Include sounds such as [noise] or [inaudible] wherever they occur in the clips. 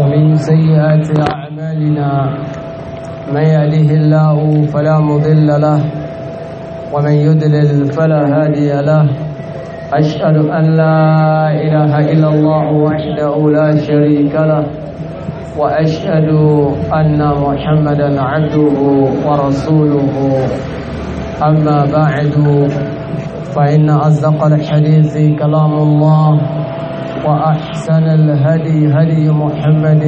ومن سيئات أعمالنا من يهده الله فلا مضل له ومن يدلل فلا هادي له أشهد أن لا إله إلا الله وحده لا شريك له وأشهد أن محمدا عبده ورسوله أما بعد فإن أصدق الحديث كلام الله وأحسن الهدي هدي محمد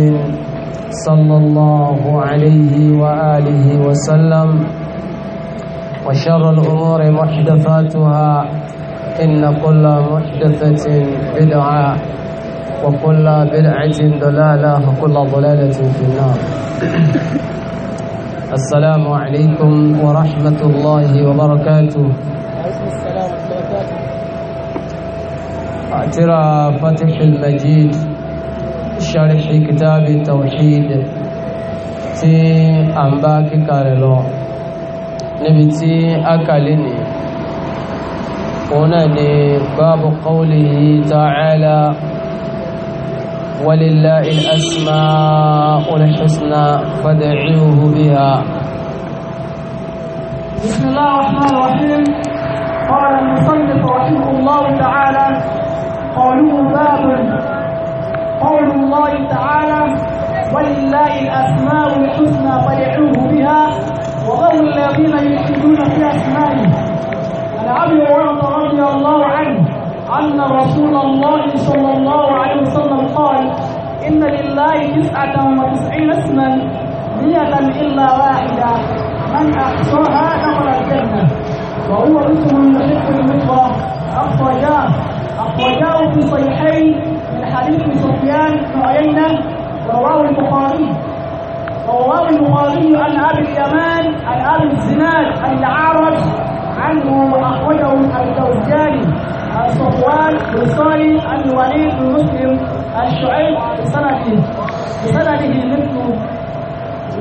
صلى الله عليه وآله وسلم وشر الأمور محدثاتها إن كل محدثة بدعة وكل بدعة ضلالة وكل ضلالة في النار السلام عليكم ورحمة الله وبركاته ترى فتح المجيد شرح كتاب التوحيد تي أنباك كارلو نبتي أكلني هنا باب قوله تعالى ولله الأسماء الحسنى فدعوه بها بسم الله الرحمن الرحيم قال المصنف رحمه الله تعالى قالوا باب قول الله تعالى ولله الأسماء الحسنى فادعوه بها وذروا الذين يلحدون في أسمائه عن أبي هريرة رضي الله عنه أن رسول الله صلى الله عليه وسلم قال إن لله تسعة وتسعين اسما مئة إلا واحدة من أحصاها دخل الجنة وهو اسم يحب المتوى أخرجاه وجاءوا في صحيحين من حديث سفيان بن عيينة ورواه البخاري ورواه البخاري عن أبي اليمان عن أبي الزناد عن الأعرج عنه وأخرجه الزوجاني عن صفوان بن صالح عن الوليد بن مسلم عن شعيب بسنده بسنده مثله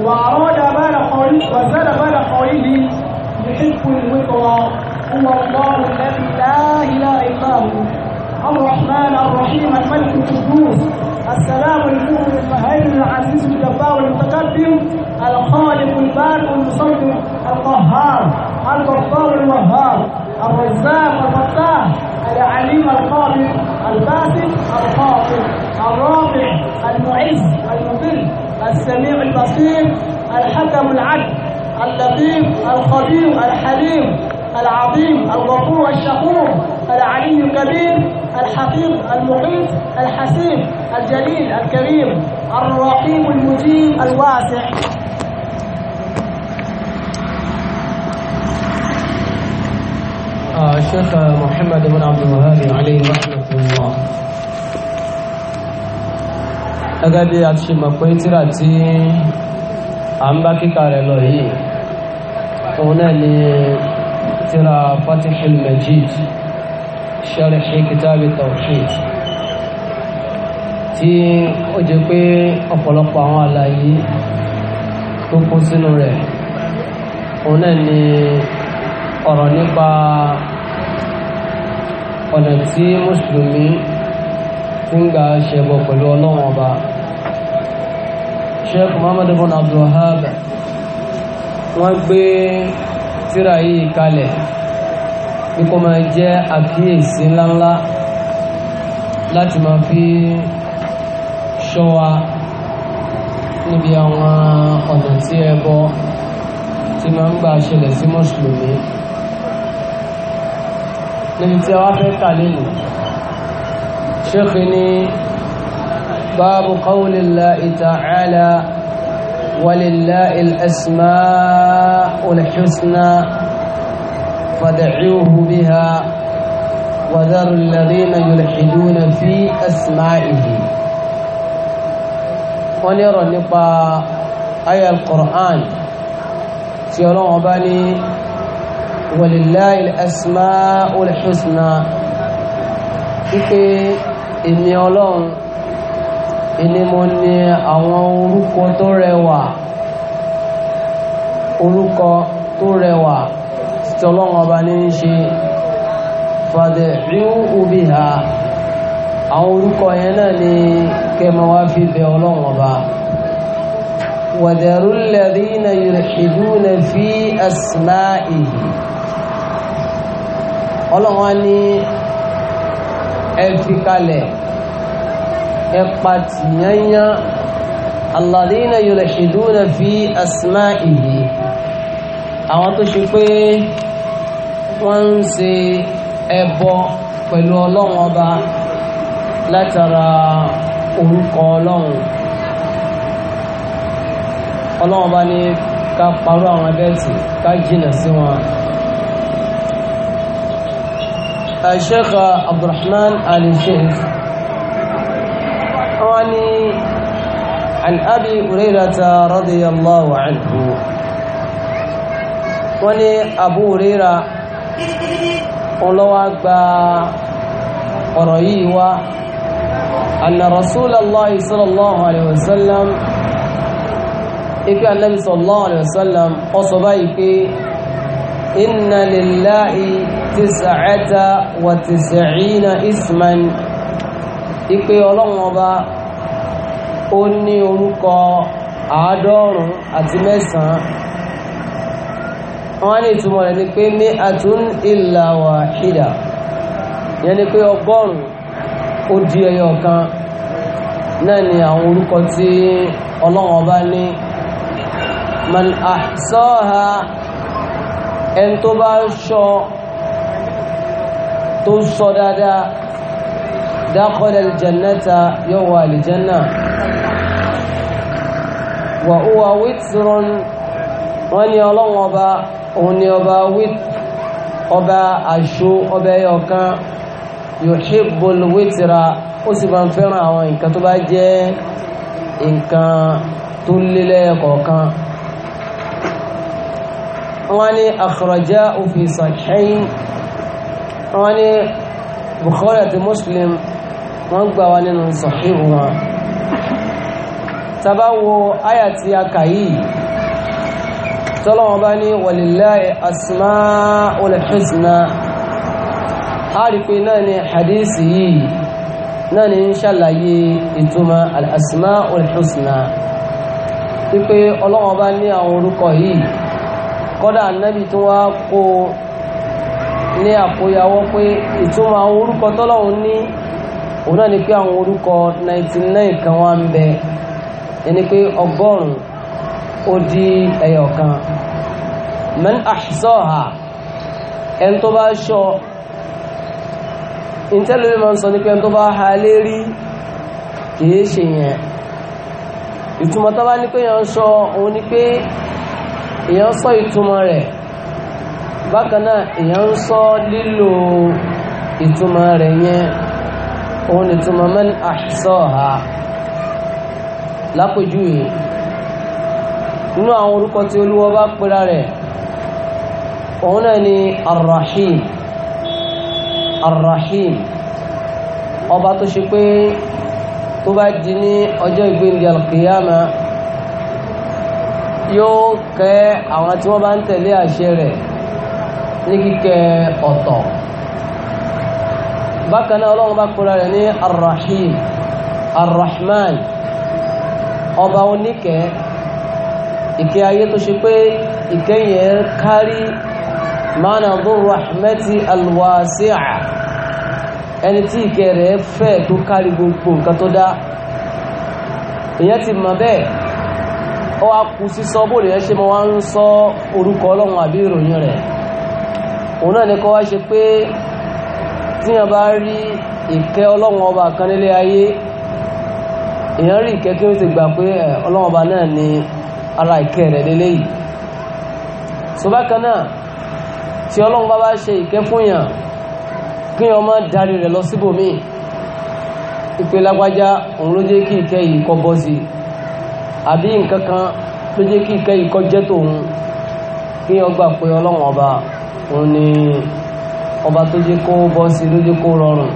وأراد بعد قوله وزاد بعد قوله يحب الوطن هو الله الذي لا إله إلا هو الرحمن الرحيم الملك القدوس السلام المؤمن المهيمن العزيز الجبار المتقدم الخالق البارئ المصور القهار الغفار الوهاب الرزاق الفتاح العليم القادر الباسط الخاطر الرافع المعز المذل السميع البصير الحكم العدل اللطيف الخبير الحليم العظيم الغفور الشكور العلي الكبير الحكيم المحيط الحسين الجليل الكريم الرحيم المجيب الواسع آه، الشيخ محمد بن عبد الوهاب عليه رحمة الله gẹ́gẹ́ bí a ti ṣe mọ̀ pé tíra tí a ń bá kíkà rẹ̀ lọ yìí òun náà ni tíra Fatihul Majid شرح كتاب التوحيد tí ó jẹ́ pé ọ̀pọ̀lọpọ̀ àwọn àlàyé tó kún sínú rẹ̀ òun náà ni ọ̀rọ̀ nípa ọ̀nà tí mùsùlùmí ń gbà ṣẹbọ pẹ̀lú ọlọ́run ọba sheikh muhammad ibn abdulwahab wọ́n gbé tírà yìí kalẹ̀ bí kò máa jẹ́ àkíyèsí ńláńlá láti máa fi ṣọ́ wa níbi àwọn ọ̀nà tí ẹbọ tí máa ń gbà ṣẹlẹ̀ sí mùsùlùmí níbi tí a wá fẹ́ kà lẹ́nu ṣéèkì ní báàbù qawlillahi ta'ala walillahi al-asma'ul husna. فدعوه بها وذر الذين يلحدون في أسمائه ونرى نقى آية القرآن سيرون بني ولله الأسماء الحسنى إيه إني أولون ìní mo ní àwọn orúkọ tó rẹwà orúkọ tó rẹwà tọ́lọ́wọ́n ọba ní í ṣe fàdé ríú ubi ha àwọn orúkọ yẹn náà ni kẹmọ wá fi bẹ ọlọ́wọ́n ọba wàdẹ̀rú lẹ́rí na ìrìnàjò na fi asma'i ọlọ́wọ́n ní ẹ fi kalẹ̀ ẹ pa tìyányán alladhina yulhiduna fi asma'ihi àwọn tó ṣe pé wọ́n ń se ẹbọ pẹ̀lú ọlọ́run ọba látara orúkọ ọlọ́run ọlọ́run ọba ní ká parọ́ àwọn abẹ́ẹ̀tì ká jìnà sí wọn الشيخ عبد الرحمن آل الشيخ واني عن أبي هريرة رضي الله عنه ọlọ́wà gba ọ̀rọ̀ yìí wá anna rasulallah sallallahu alaihi wasallam ipe annabi sallallahu alaihi wasallam ọsọ báyìí pé inna lillahi tis'ata wa tis'ina isman ipe wọ́n ní ìtumọ̀ rẹ̀ ni pé ní àtún ìlà wàhídà yẹn ni pé ọgọ́rùn ó di ẹyọ kan náà ni àwọn orúkọ tí ọlọ́wọ́n bá ní man ahsaha ẹni tó bá ń tó sọ dáadáa dákọ́lẹ̀ jannata yóò wà àlìjánà wà ó wà wítìrún wọ́n ní ọlọ́wọ́n bá òun ni ọba wit ọba àṣó ọba ẹyọ kan yuhibbul witra ó sì máa ń fẹ́ràn àwọn nǹkan tó bá jẹ́ nǹkan tó lélẹ̀ kọ̀ọ̀kan wọ́n ní àkọ̀rọ̀já òfin sàkẹ́yìn wọ́n ní Bukhari àti Muslim wọ́n gbà wá nínú sàkẹ́yìn wọn tàbá wo áyà tí yìí tọ́lọ́wọ́n bá ní walillahi asma'ul husna a rí pé náà ni hadisi yìí náà ni ń ṣàlàyé ìtumọ̀ al-asma'ul husna wípé ọlọ́wọ́n bá ní àwọn orúkọ yìí kọ́dà nábi tí wọ́n kó ní àkóyawọ́ pé ìtumọ̀ àwọn orúkọ tọ́lọ́wọ́n ní òun náà ni pé àwọn orúkọ 99 kan wá ń bẹ ẹni pé ọgọ́rùn-ún ó di ẹyọ man ahsaha ẹn tó bá ṣọ́ ìtẹ́lómi ma ń sọ ní pé ẹn tó bá ha lérí kìí ṣe yẹn ìtumọ̀ tó bá ní pé èèyàn ṣọ́ òun ni pé èèyàn sọ ìtumọ̀ rẹ̀ bákan náà èèyàn ń sọ lílo ìtumọ̀ rẹ̀ yẹn òun ni ìtumọ̀ man ahsaha lápòjúwe inú àwọn orúkọ tí olúwọ bá pera rẹ̀ Ona ni arrahim arrahim ọba tó ṣe pé tó bá di ní ọjọ́ ìgbéǹde alkiyama yóò kẹ́ àwọn tí wọ́n bá ń tẹ̀lé àṣẹ rẹ̀ ní kíkẹ́ ọ̀tọ̀ bákan náà ọlọ́run bá kóra rẹ̀ ní arrahim arrahman ọba oníkẹ́ ìkẹ́ ayé tó ṣe pé ìkẹ́yìn kárí mana dhur rahmeti alwasi'a ẹni tí ìkẹ́ rẹ̀ fẹ̀ tó kárí gbogbo nǹkan tó dá èyàn ti mọ̀ bẹ́ẹ̀ ó wá kú sí sọ bó lè ṣe mọ́ wá ń sọ orúkọ ọlọ́run àbí ìròyìn rẹ̀ òun náà ni kọ́ wá ṣe pé tíyàn bá rí ìkẹ́ ọlọ́run ọba kan nílé ayé èyàn rí ìkẹ́ kí ó ti gbà pé ọlọ́run ọba náà ni ara ìkẹ́ rẹ̀ lélẹ́yìí so bákan náà tí ọlọ́run bá bá ṣe ìkẹ́ fún yàn kí yàn má darí rẹ̀ lọ síbòmíì ìpè lágbájá òun ló jẹ́ kí ìkẹ́ yìí kọ́ bọ́ sí i àbí nǹkan kan ló jẹ́ kí ìkẹ́ yìí kọ́ jẹ́ tòun kí yàn gbà pé ọlọ́run ọba òun ni ọba tó jẹ́ kó bọ́ sí ló jẹ́ kó rọrùn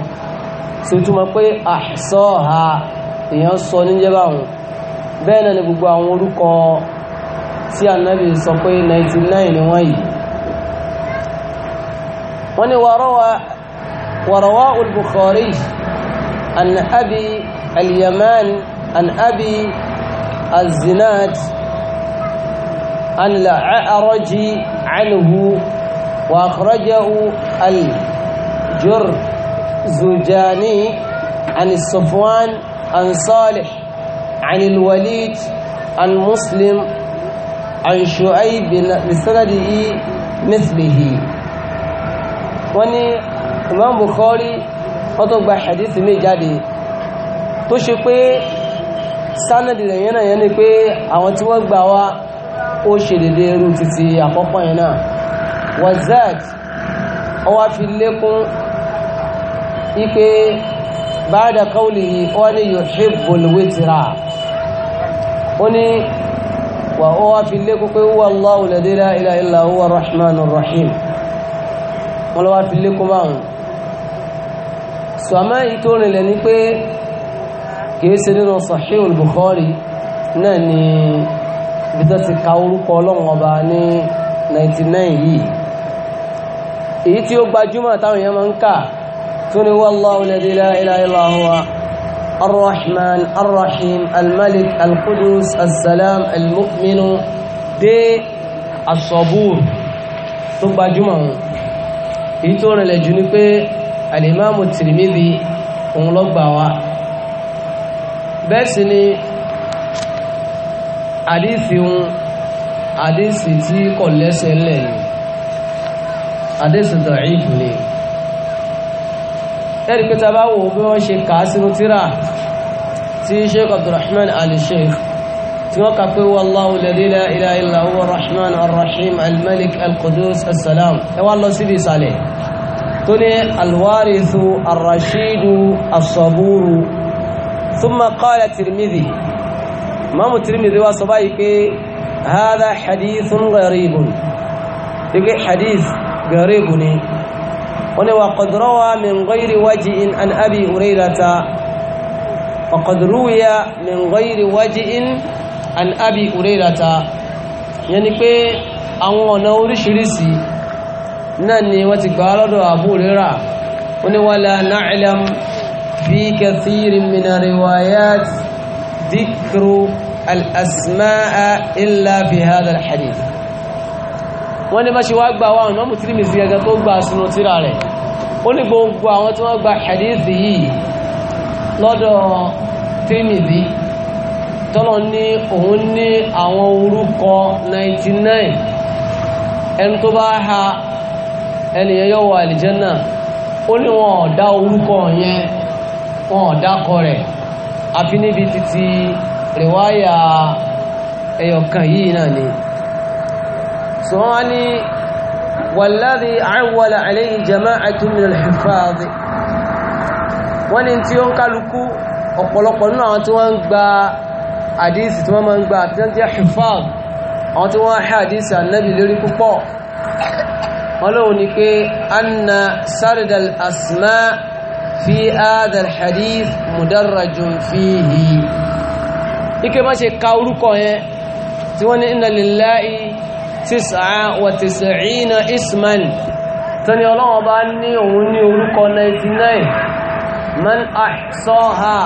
tí ó túmọ̀ pé àṣọ́ha èèyàn sọ níjẹ́ báwọn bẹ́ẹ̀ náà ni gbogbo àwọn orúkọ tí ànábì sọ pé 99 ni wọ́n yìí وني وروى ورواه البخاري عن أبي اليمان عن أبي الزناد عن أعرج عنه وأخرجه الجر زجاني عن الصفوان عن صالح عن الوليد عن مسلم عن شعيب بسنده مثله wọ́n ní Imam Bukhari wọ́n tó gba hadith mi jáde tó ṣe pé sanadi rẹ̀ yẹn náà yẹn ni pé àwọn tí wọ́n gbà wá ó ṣe dédé irú títí àkọ́kọ́ yẹn náà wazad ọwá fi lékún ipe báadà kọ́ọ̀lì yìí wọ́n ní yuhibbul witra ó ní wà ọwá fi lékún pé huwa Allahu la ilaha illa huwa rahmanur rahim wọn lọ́wọ́ fi lékún báwọn sọ̀mọ́ èyí tó rìnlẹ̀ ni pé kìí ṣe nínú Sahihul Bukhari náà ni ibi tó ti ka orúkọ ọlọ́run ọba ní 99 yìí èyí tí ó gbajúmọ̀ táwọn èèyàn máa ń kà tó ní wallahu alladhi la ilaha illa huwa الرحمن الرحيم الملك القدوس السلام المؤمن دي الصبور tó gbajúmọ̀ èyí tó rìnlẹ̀ jù ní pé alimamu Tirmidhi òun ló gbà wá bẹ́ẹ̀ sì ni àdífì ń àdífì tí kò lẹ́sẹ̀ ńlẹ̀ ni àdífì da'if ni ẹ̀rí pé bá wò bí wọ́n ṣe kà sínú tírà tí Sheikh Abdurrahman al توقف هو الله الذي لا إله إلا هو الرحمن الرحيم الملك القدوس السلام هو الله سيدي صالح تني الوارث الرشيد الصبور ثم قال الترمذي ما الترمذي وصبايك هذا حديث غريب يقول حديث غريب وقد روى من غير وجه عن أبي هريرة وقد روي من غير وجه an abi ureirata yẹn ni pé àwọn ọ̀nà oríṣiríṣi náà ni wọ́n ti gbà lọ́dọ̀ abu ureira ó ní wala na'lam fi kathirin min riwayat dhikru al-asma'a illa fi hadha al-hadith wọ́n ní bá ṣe wá gbà wá ọ̀nà mú gẹ́gẹ́ tó gbà sínú tíra rẹ̀ ó ní gbogbo àwọn tí wọ́n gba hadithi yìí lọ́dọ̀ tírìmìsì tọlọ ní òun ní àwọn orúkọ 99 ẹni tó bá ha ẹni yẹn yóò àlìjẹ́nà ó ní wọn ọ̀dá orúkọ yẹn wọn ọ̀dá kọ rẹ̀ àfi níbi ẹyọkan yìí náà ni so wọ́n ní wàládì àwọ̀lá àlẹ́yìn ní gba àdíìsì tí wọ́n máa ń gba àtẹ́ntẹ́ hifad àwọn tí wọ́n há àdíìsì ànábì lórí púpọ̀ wọ́n lóhun ni pé anna sardal asma fi adal hadith mudarrajun fihi ike má ṣe ka orúkọ yẹn tí wọ́n ní inna lillahi 99 man ahsaha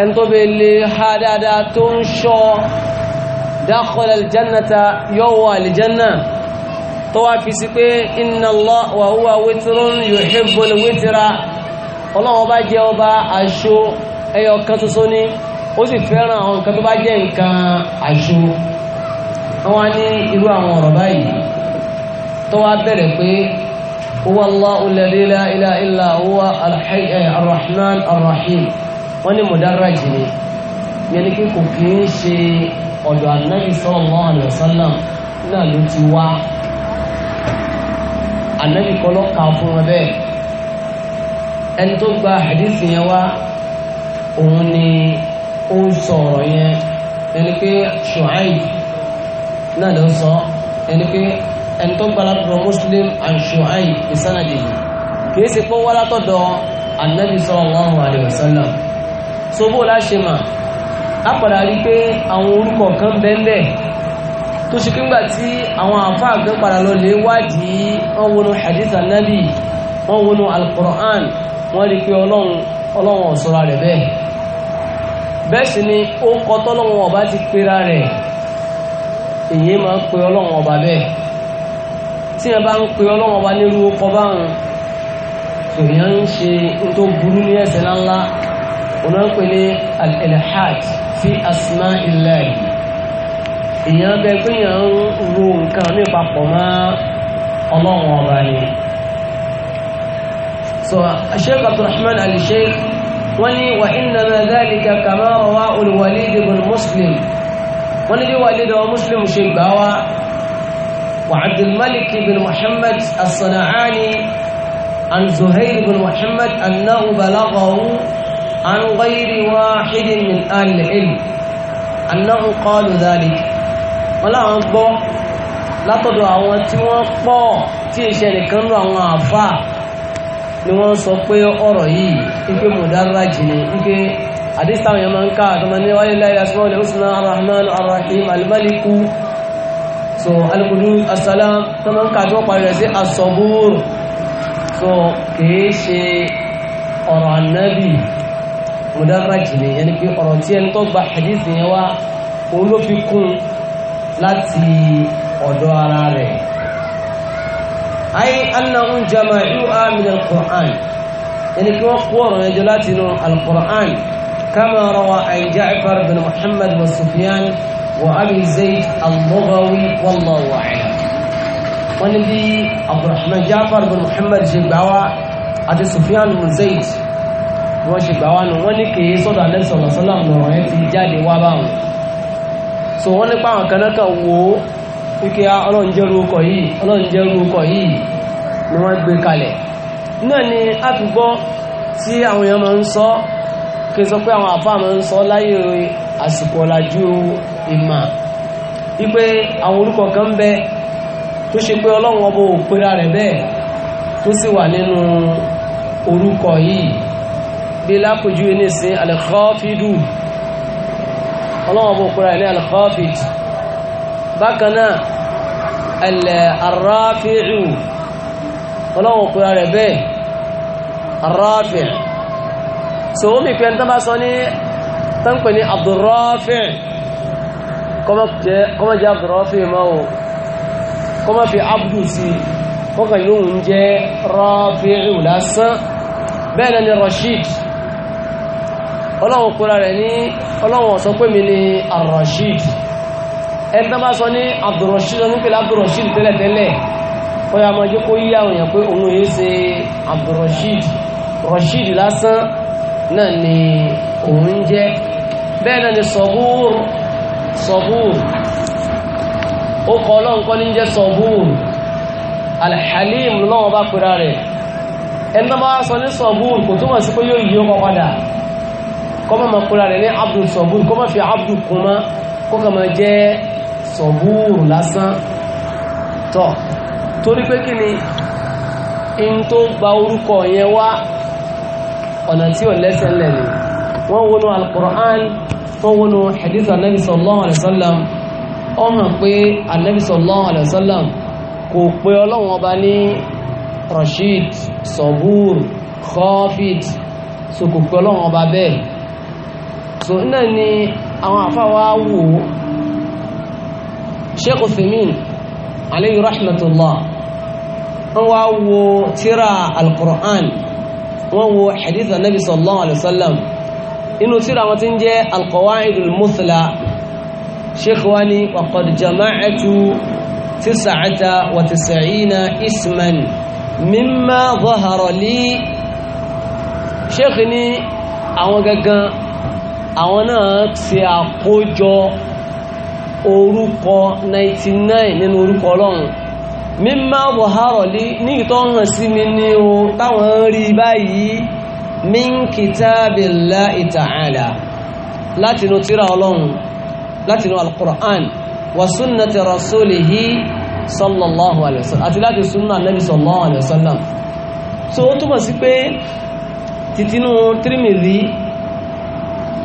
ẹni tó bẹ lè ha dáadáa tó ń ṣọ́ dakhala aljannata yọ́wọ́ aljanna tó wá fi sí pé inna Allah wa huwa witrun yuhibbul witra ọlọ́wọ́ bá jẹ́ ọba aṣọ ẹyọ kan tuntun ní ó sì fẹ́ràn àwọn nǹkan tó bá jẹ́ huwa Allahu alladhi la ilaha illa huwa wọ́n ní mọ̀dárájì ni yẹn ni kí kò kí ń ṣe ọ̀dọ̀ ànábì sallallahu alaihi wasallam náà ló ti wá ànábì kọ́ ló kà fún wọn bẹ́ẹ̀ ẹni tó gba hadisi yẹn wá òun ni ó ń sọ yẹn ẹni pé Shu'aib náà ló sọ ẹni pé ẹni tó gba látọ̀dọ̀ Muslim an Shu'aib ìsànàdì kì í ṣe pé wọ́n látọ̀dọ̀ ànábì sallallahu alaihi so bó láṣe mà á padà rí pé àwọn orúkọ kan bẹ́ẹ̀ tó ṣe kí ńgbà tí àwọn àfáà kan padà lọ lè wádìí wọ́n wọnú hadith anabi wọ́n wọnú al-Qur'an wọ́n rí pé ọlọ́run ọlọ́run ọ̀sọ́ra rẹ̀ bẹ́ẹ̀ bẹ́ẹ̀ sì ni ó kọ́ tọ́lọ́run ọba ti pera rẹ̀ èyí máa ń pe ọlọ́run ọba bẹ́ẹ̀ tí ẹ bá ń pe ọlọ́run ọba nírú ọkọ̀ báwọn èèyàn ń ṣe tó burú ní ẹ̀ṣẹ̀ ńláńlá wọn náà ń pè ní al-ilhad fi asma'illahi èèyàn bẹ pé ro nǹkan ní ìpapọ̀ mọ́ ọlọ́run ọba ni so sheikh abdulrahman al-sheikh wọ́n ní wà innama dhalika kama rawa al-walid ibn muslim wọ́n ní bí walid ibn muslim ṣe gbà wá وعبد الملك بن محمد الصنعاني عن زهير بن محمد أنه بلغه عن غير واحد من آل العلم أنه قال ذلك ولا أنبو لا تدعوا أنت وقبو تيشن كنو عن عفا ni wọ́n sọ pé ọ̀rọ̀ yìí ike mùdárájì ni ike àdísàwọn yẹn máa ń ká àtọmọ ní wáyé láìlá sí wọ́n lè arahman arahim alimaliku so alikudu asalam tó ń ká mùdárájì ni yẹn ni pé ọ̀rọ̀ tí ẹni tó gba hadith yẹn wá òun ló fi kún láti ọ̀dọ̀ ara rẹ̀. ayé anna ń jama yóò á mi lè qur'an yẹn ni pé wọ́n kó ọ̀rọ̀ yẹn jọ láti inú al-qur'an kama rawa an ja'far bin muhammad wa sufyan wa abi zayd al-mughawi wallahu a'lam. wọ́n ní bí abdulrahman ja'far bin muhammad ṣe gbà wá sufyan bin zayd. wọ́n ṣe gbà wá wọ́n ní kìí sọ́dọ̀ ti jáde wá báwọn so wọ́n nípa àwọn kanáka wo wíkẹ́ ọlọ́njẹ́rú ọkọ̀ yìí ọlọ́njẹ́rú ọkọ̀ yìí ni wọ́n gbé kalẹ̀ náà ni a ti gbọ́ tí àwọn èèyàn máa ń sọ kí n sọ pé àwọn àfáà máa ń sọ láyé àsìkò ọ̀làjú ìmà wípé àwọn orúkọ kan ń bẹ tó ṣe pé wà nínú orúkọ yìí bí lápòjú ní sin alìkọ́fídù ọlọ́wọ́n bó kúrò ní alìkọ́fíd bákanáà alìráfíìrù ọlọ́wọ́n kúrò rẹ̀ bẹ́ẹ̀ arráfíì so ó mi pẹ́ntán bá sọ ní tánpẹ̀ ní abdurráfíì kọ́mọ̀ jẹ́ abdurráfíì máa wọ́n kọ́mọ̀ fi abdù sí kọ́kàn yóò ń lásán bẹ́ẹ̀ ni rashid ọlọ́run kúra rẹ̀ ní ọlọ́run sọ pé mi ni Ar-Rashid ẹ̀tọ́ bá sọ ní Abdurrashid ní pẹ̀lú Abdurrashid tẹ́lẹ̀tẹ́lẹ̀ ó yà máa jẹ́ kó yí àwọn èèyàn pé òun yìí ṣe Abdurrashid Rashid lásán náà ni òun ń jẹ́ bẹ́ẹ̀ náà ni Sabur Sabur ó kọ ọlọ́run kọ́ ní jẹ́ Sabur Al-Halim lọ́wọ́ bá pera rẹ̀ ẹ̀tọ́ bá sọ ní Sabur kò túmọ̀ sí pé yóò yí ó kọ padà kọ́mọ̀ máa kóra rẹ̀ ní abdul sọ̀búrù kọ́mọ̀ fi abdul kuma kó kà máa jẹ́ sọ̀búrù lásán tọ̀ torí pé kí ni in tó gba orúkọ yẹn wá ọ̀nà tí ò lẹ́sẹ̀ lẹ̀ ni wọ́n wọnú alukur'an wọ́n wọnú hadith anabi sallallahu alayhi wa sallam ọ hàn pé anabi sallallahu alayhi wa sallam kò pé ọlọ́wọ́n ọba ní rashid sọ̀búrù khafid so kò pé ọlọ́wọ́n ọba bẹ́ẹ̀ so náà ni àwọn àfáwà wò sheikh uthimin alayhi rahmatullah wọ́n wá wo tíra al-Qur'an wọ́n wo hadith anabi sallallahu alayhi wa sallam inú tíra wọn ti ń jẹ́ al-qawa'idul muthla sheikh wa ni wa jama'atu tis'ata wa tis'ina isman mimma zahara li sheikh ni àwọn gangan àwọn náà ṣe àkójọ orúkọ 99 nínú orúkọ ọlọ́run mímọ́ bọ̀hárọ̀ lé ní ìtọ́ hàn sí mi ní o táwọn ń rí báyìí min kitabillahi ta'ala látinú tíra ọlọ́run látinú alkùrán wa sunnati rasulihi sallallahu alaihi wasallam àti láti sunna nabi sallallahu alaihi wasallam so ó túmọ̀ sí pé titinú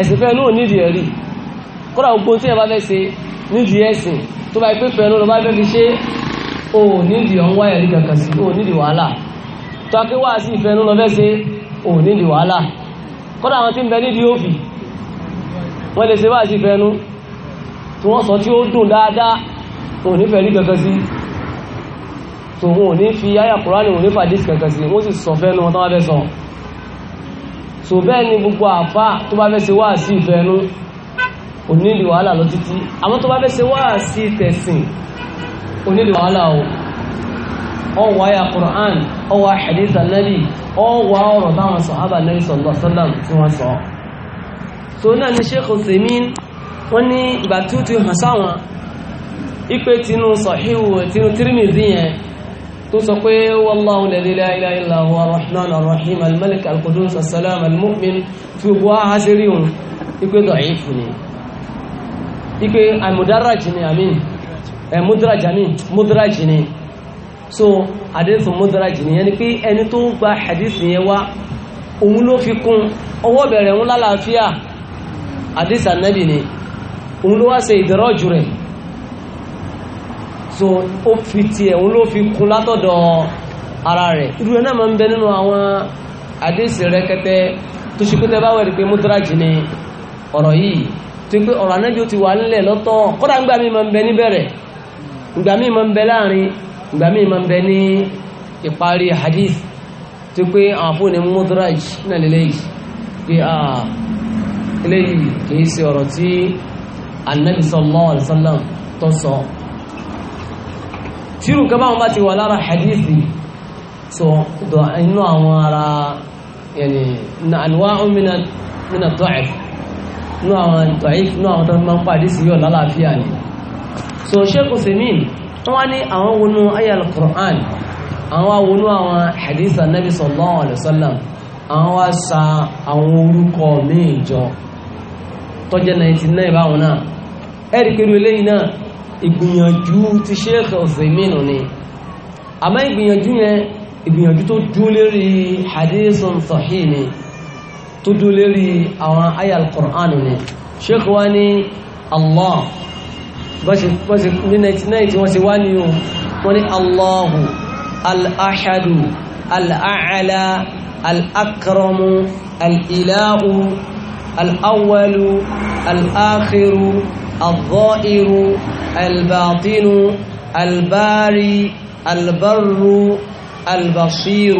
ẹ̀sìn fẹ́ náà nídìí ẹ̀rí kódà gbogbo tí ẹ bá fẹ́ ṣe nídìí ẹ̀sìn tó bá pé fẹ́ẹ́ ló bá fẹ́ fi ṣe o nídìí ọ̀hún wáyà kankan sí o nídìí wàhálà tó aké wá sí ìfẹ́ ló fẹ́ ṣe o nídìí wàhálà kódà àwọn tí ń bẹ nídìí òfì wọ́n lè ṣe wá sí ìfẹ́ nu tí wọ́n sọ tí ó dùn dáadáa o nífẹ̀ẹ́ rí kankan sí tòun ò ní fi ayà kúránì ò ní fàdísì kankan sí wọ́n sì sọ fẹ́ nu wọn tó wá fẹ́ sọ so bẹ́ẹ̀ ni gbogbo àfá tó bá fẹ́ ṣe wá sí ìfẹ́nu onílì wàhálà lọ títí àmọ́ tó bá fẹ́ ṣe wá sí tẹ̀sìn onílì wàhálà o ọwọ́ ayà Qur'an ọwọ́ hadith Ànábì ọwọ́ ọ̀rọ̀ táwọn sàhábà Ànábì sallallahu alaihi wasallam tí wọ́n sọ so náà ni Sheikh Uthaymeen wọ́n ní ìgbà tí ó ti hàn sáwọn ipe tinú Sahihu tinú Tirmidhi yẹn tó sọ pé wallahu alladhi la ilaha illa huwa arrahman arrahim almalik alqudus assalam almu'min tí gbogbo a ṣe rí òun ipé dọ̀ífù ni ipé àmúdárájì ni àmì eh, múdárájì àmì múdárájì ni so àdéhùn múdárájì ni yẹni pé ẹni tó ń gba hadith yẹn wá òun ló fi kún ọwọ́ bẹ̀rẹ̀ ń lálàáfíà hadith ànábì ni òun ló wá ṣe ìdọ́rọ̀jù rẹ̀ so ó fi ti ẹ̀hún ló fi kun látọ̀dọ̀ ara rẹ̀ irú ẹ̀ náà máa ń bẹ nínú àwọn àdéhìsì rẹ́kẹ́tẹ́ tó ṣe pé tẹ́bá wẹ̀rí pé mútúrájì ni ọ̀rọ̀ yìí tó pé ọ̀rọ̀ anájú ti wà nílẹ̀ lọ́tọ̀ kódà ńgbà míì máa ń bẹ níbẹ̀rẹ̀ ńgbà míì máa ń bẹ láàrin ńgbà míì máa ń bẹ ní ìparí hadith tó pé àwọn fún ni mútúrájì náà lélẹ́yìí pé àà eléyìí kìí ṣe ọ̀rọ̀ tí Ànábì sallallahu alaihi wasallam tó sọ tírù nǹkan báwọn bá ti wà lára hadithi so dọ̀ inú àwọn ara yẹni na àlùwá ọmọnà nínà tọ́ẹ̀f inú àwọn tọ́ẹ̀f inú àwọn tọ́ẹ̀f máa ń pàdé sí yóò lálàáfíà ni so sheikh usemin wọ́n ní àwọn wọnú ayal Qur'an àwọn wọnú àwọn hadith anabi sallallahu alaihi wasallam àwọn wá sa àwọn orúkọ míì jọ tọ́jẹ́ 99 báwọn náà ẹ̀rí pẹ̀lú eléyìí náà ìgbìyànjú ti Sheikh ọ̀sẹ̀mínú ni àmá ìgbìyànjú yẹn ìgbìyànjú tó dúó lérí hadithun sahih ni tó dúó lérí àwọn ayal Qur'an ni Sheikh wá ní Allah ní 99 tí wọ́n ṣe wá ní wọ́n ní Allahu al-ahadu al-a'la al-akramu الظائر الباطن الباري البر البصير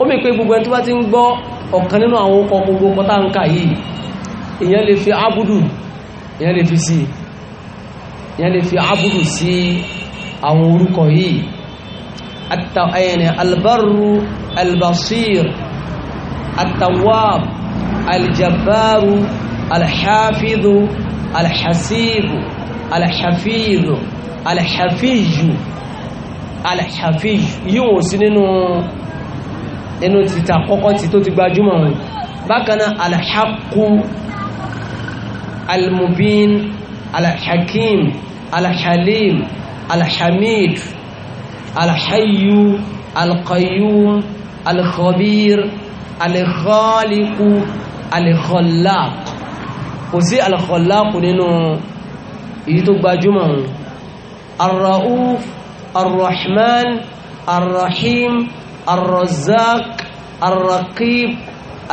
ó mi pé gbogbo ẹni tó bá ti ń gbọ́ ọ̀kan nínú àwọn ọkọ̀ gbogbo ọkọ̀ tá ń kà yìí ìyẹn lè fi ábùdù ìyẹn lè fi sí ìyẹn lè fi ábùdù sí àwọn orúkọ yìí àtàwẹ̀ẹ̀nì albarru albasir àtàwàb aljabbaru alhafidu alhasibu alhafizu alhafiju alhafiju yíò sí nínú inú títà kọ́kọ́ tí tó ti gbajúmọ̀ wọn bákanáà alhaku almubin alhakim alhalim alhamid alhayu alqayyum alkhabir alkhaliku alkhallaq kò sí alkhọláàkù nínú èyí tó gbajúmọ̀ ohun arra'uf arrahman arrahim arrazak arraqib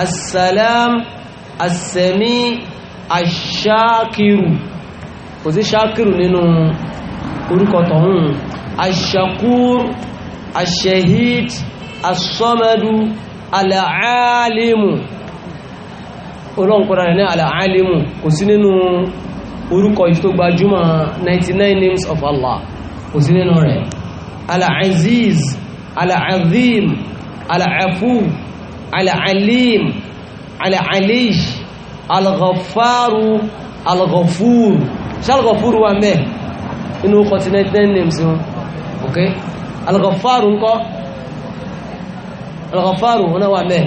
assalam assami ashakiru kò sí shakiru nínú orúkọ tọ̀hún ashakur ashahid asomadu al'alimu olóńkọ́ra rẹ̀ ní al-alimu kò sí nínú orúkọ yìí tó gbajúmọ̀ 99 names of Allah kò sí nínú rẹ̀ al-aziz al-azim al-afu al-alim al-alish al-ghafaru al-ghafur ṣal-ghafur wà mẹ́ inú kọ́ ti 99 names wọn ok al-ghafaru ńkọ́ al wọn wà mẹ́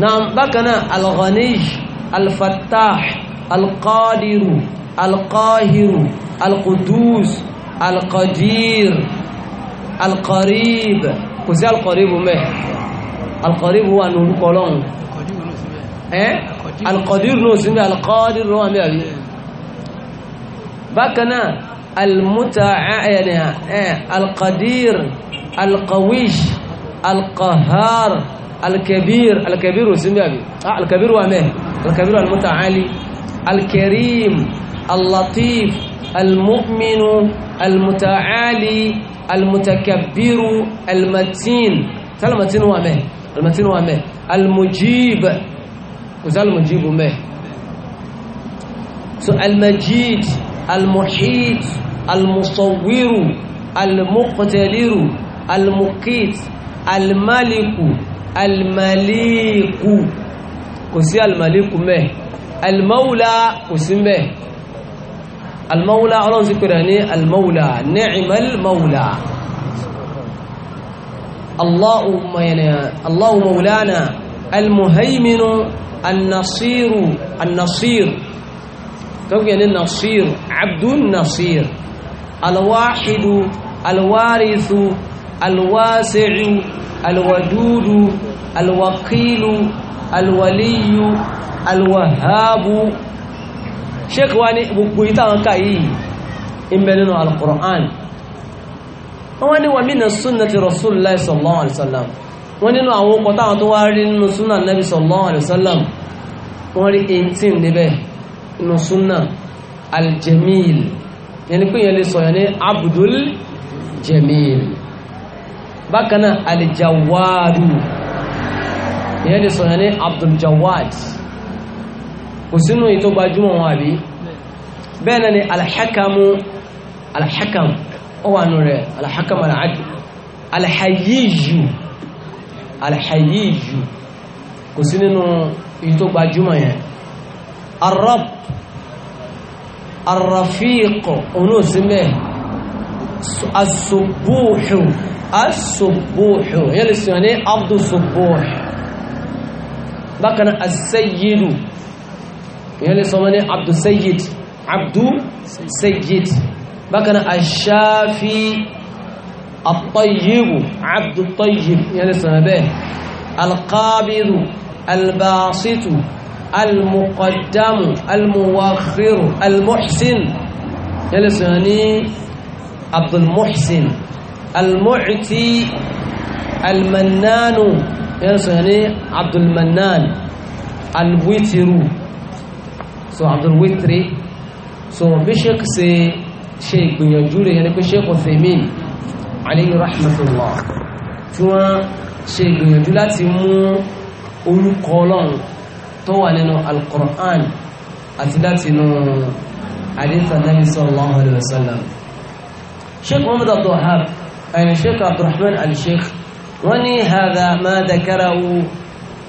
na bákanáà al الفتاح القادر القاهر القدوس القدير القريب كوزي القريب مه القريب هو نور كولون إيه؟ القدير نوزم القادر هو مه بكنا المتعاين إيه؟ القدير القويش القهار الكبير الكبير سمي أبي آه الكبير وامه الكبير المتعالي الكريم اللطيف المؤمن المتعالي المتكبر المتين تعالى المتين وامه المتين وامه المجيب وزال المجيب وامه so, المجيد المحيط المصور المقتدر المقيت الملك almaliku kò sí almaliku mẹ́ almaula kò sí mẹ́ almaula ọlọ́run sí pèrè ní almaula ni'mal maula allahu maulana almuhaiminu annasiru annasir tọ́gbẹ̀ ní nasir abdun nasir alwahidu alwarithu alwasi'u alwadudu alwakilu alwaliyu alwahabu sheik wa ní gbogbo ìtàwọn káyí ìbẹ̀ nínú alkùrán wọ́n ní wà mínà súnà ti rasulullah sallallahu alaihi wasallam wọ́n nínú àwọn ọkọ̀ táwọn tó wá rí nínú súnà nabi sallallahu alaihi wasallam wọ́n rí 18 níbẹ̀ nínú súnà aljamil yẹni pé yẹn lè sọ̀yẹ̀ abdul jamil bákan náà aljawadu ìyẹn lè sọ̀rọ̀ ní abduljawad kò sínú ètò gbajúmọ̀ wọn àbí bẹ́ẹ̀ náà ni alhakamu alhakam ó wà nù rẹ̀ alhakam alhadu alhayiyu alhayiyu kò sí nínú ètò gbajúmọ̀ yẹn arab arrafiq òun sí mẹ́ asubuhu الصبوح يلسو يعني عبد الصبوح بقنا السيد يلسو يعني إيه؟ عبد السيد عبد السيد بقنا الشافي الطيب عبد الطيب يلسو به إيه؟ القابض الباسط المقدم المؤخر المحسن يلسو يعني إيه؟ عبد المحسن المعتي المنان يعني عبد المنان الوتر so عبد الوتر so bí sheik ṣe ṣe ìgbìyànjú rẹ̀ yẹn ni pé sheik ọ̀fẹ̀mín alayhi rahmatullah tí wọ́n ṣe ìgbìyànjú láti mú orúkọ ọlọ́run tó wà nínú al-Qur'an àti láti inú hadith Nabi sallallahu alayhi wa sallam sheik muhammad abdul wahab الشيخ عبد الرحمن الشيخ وني هذا ما ذكره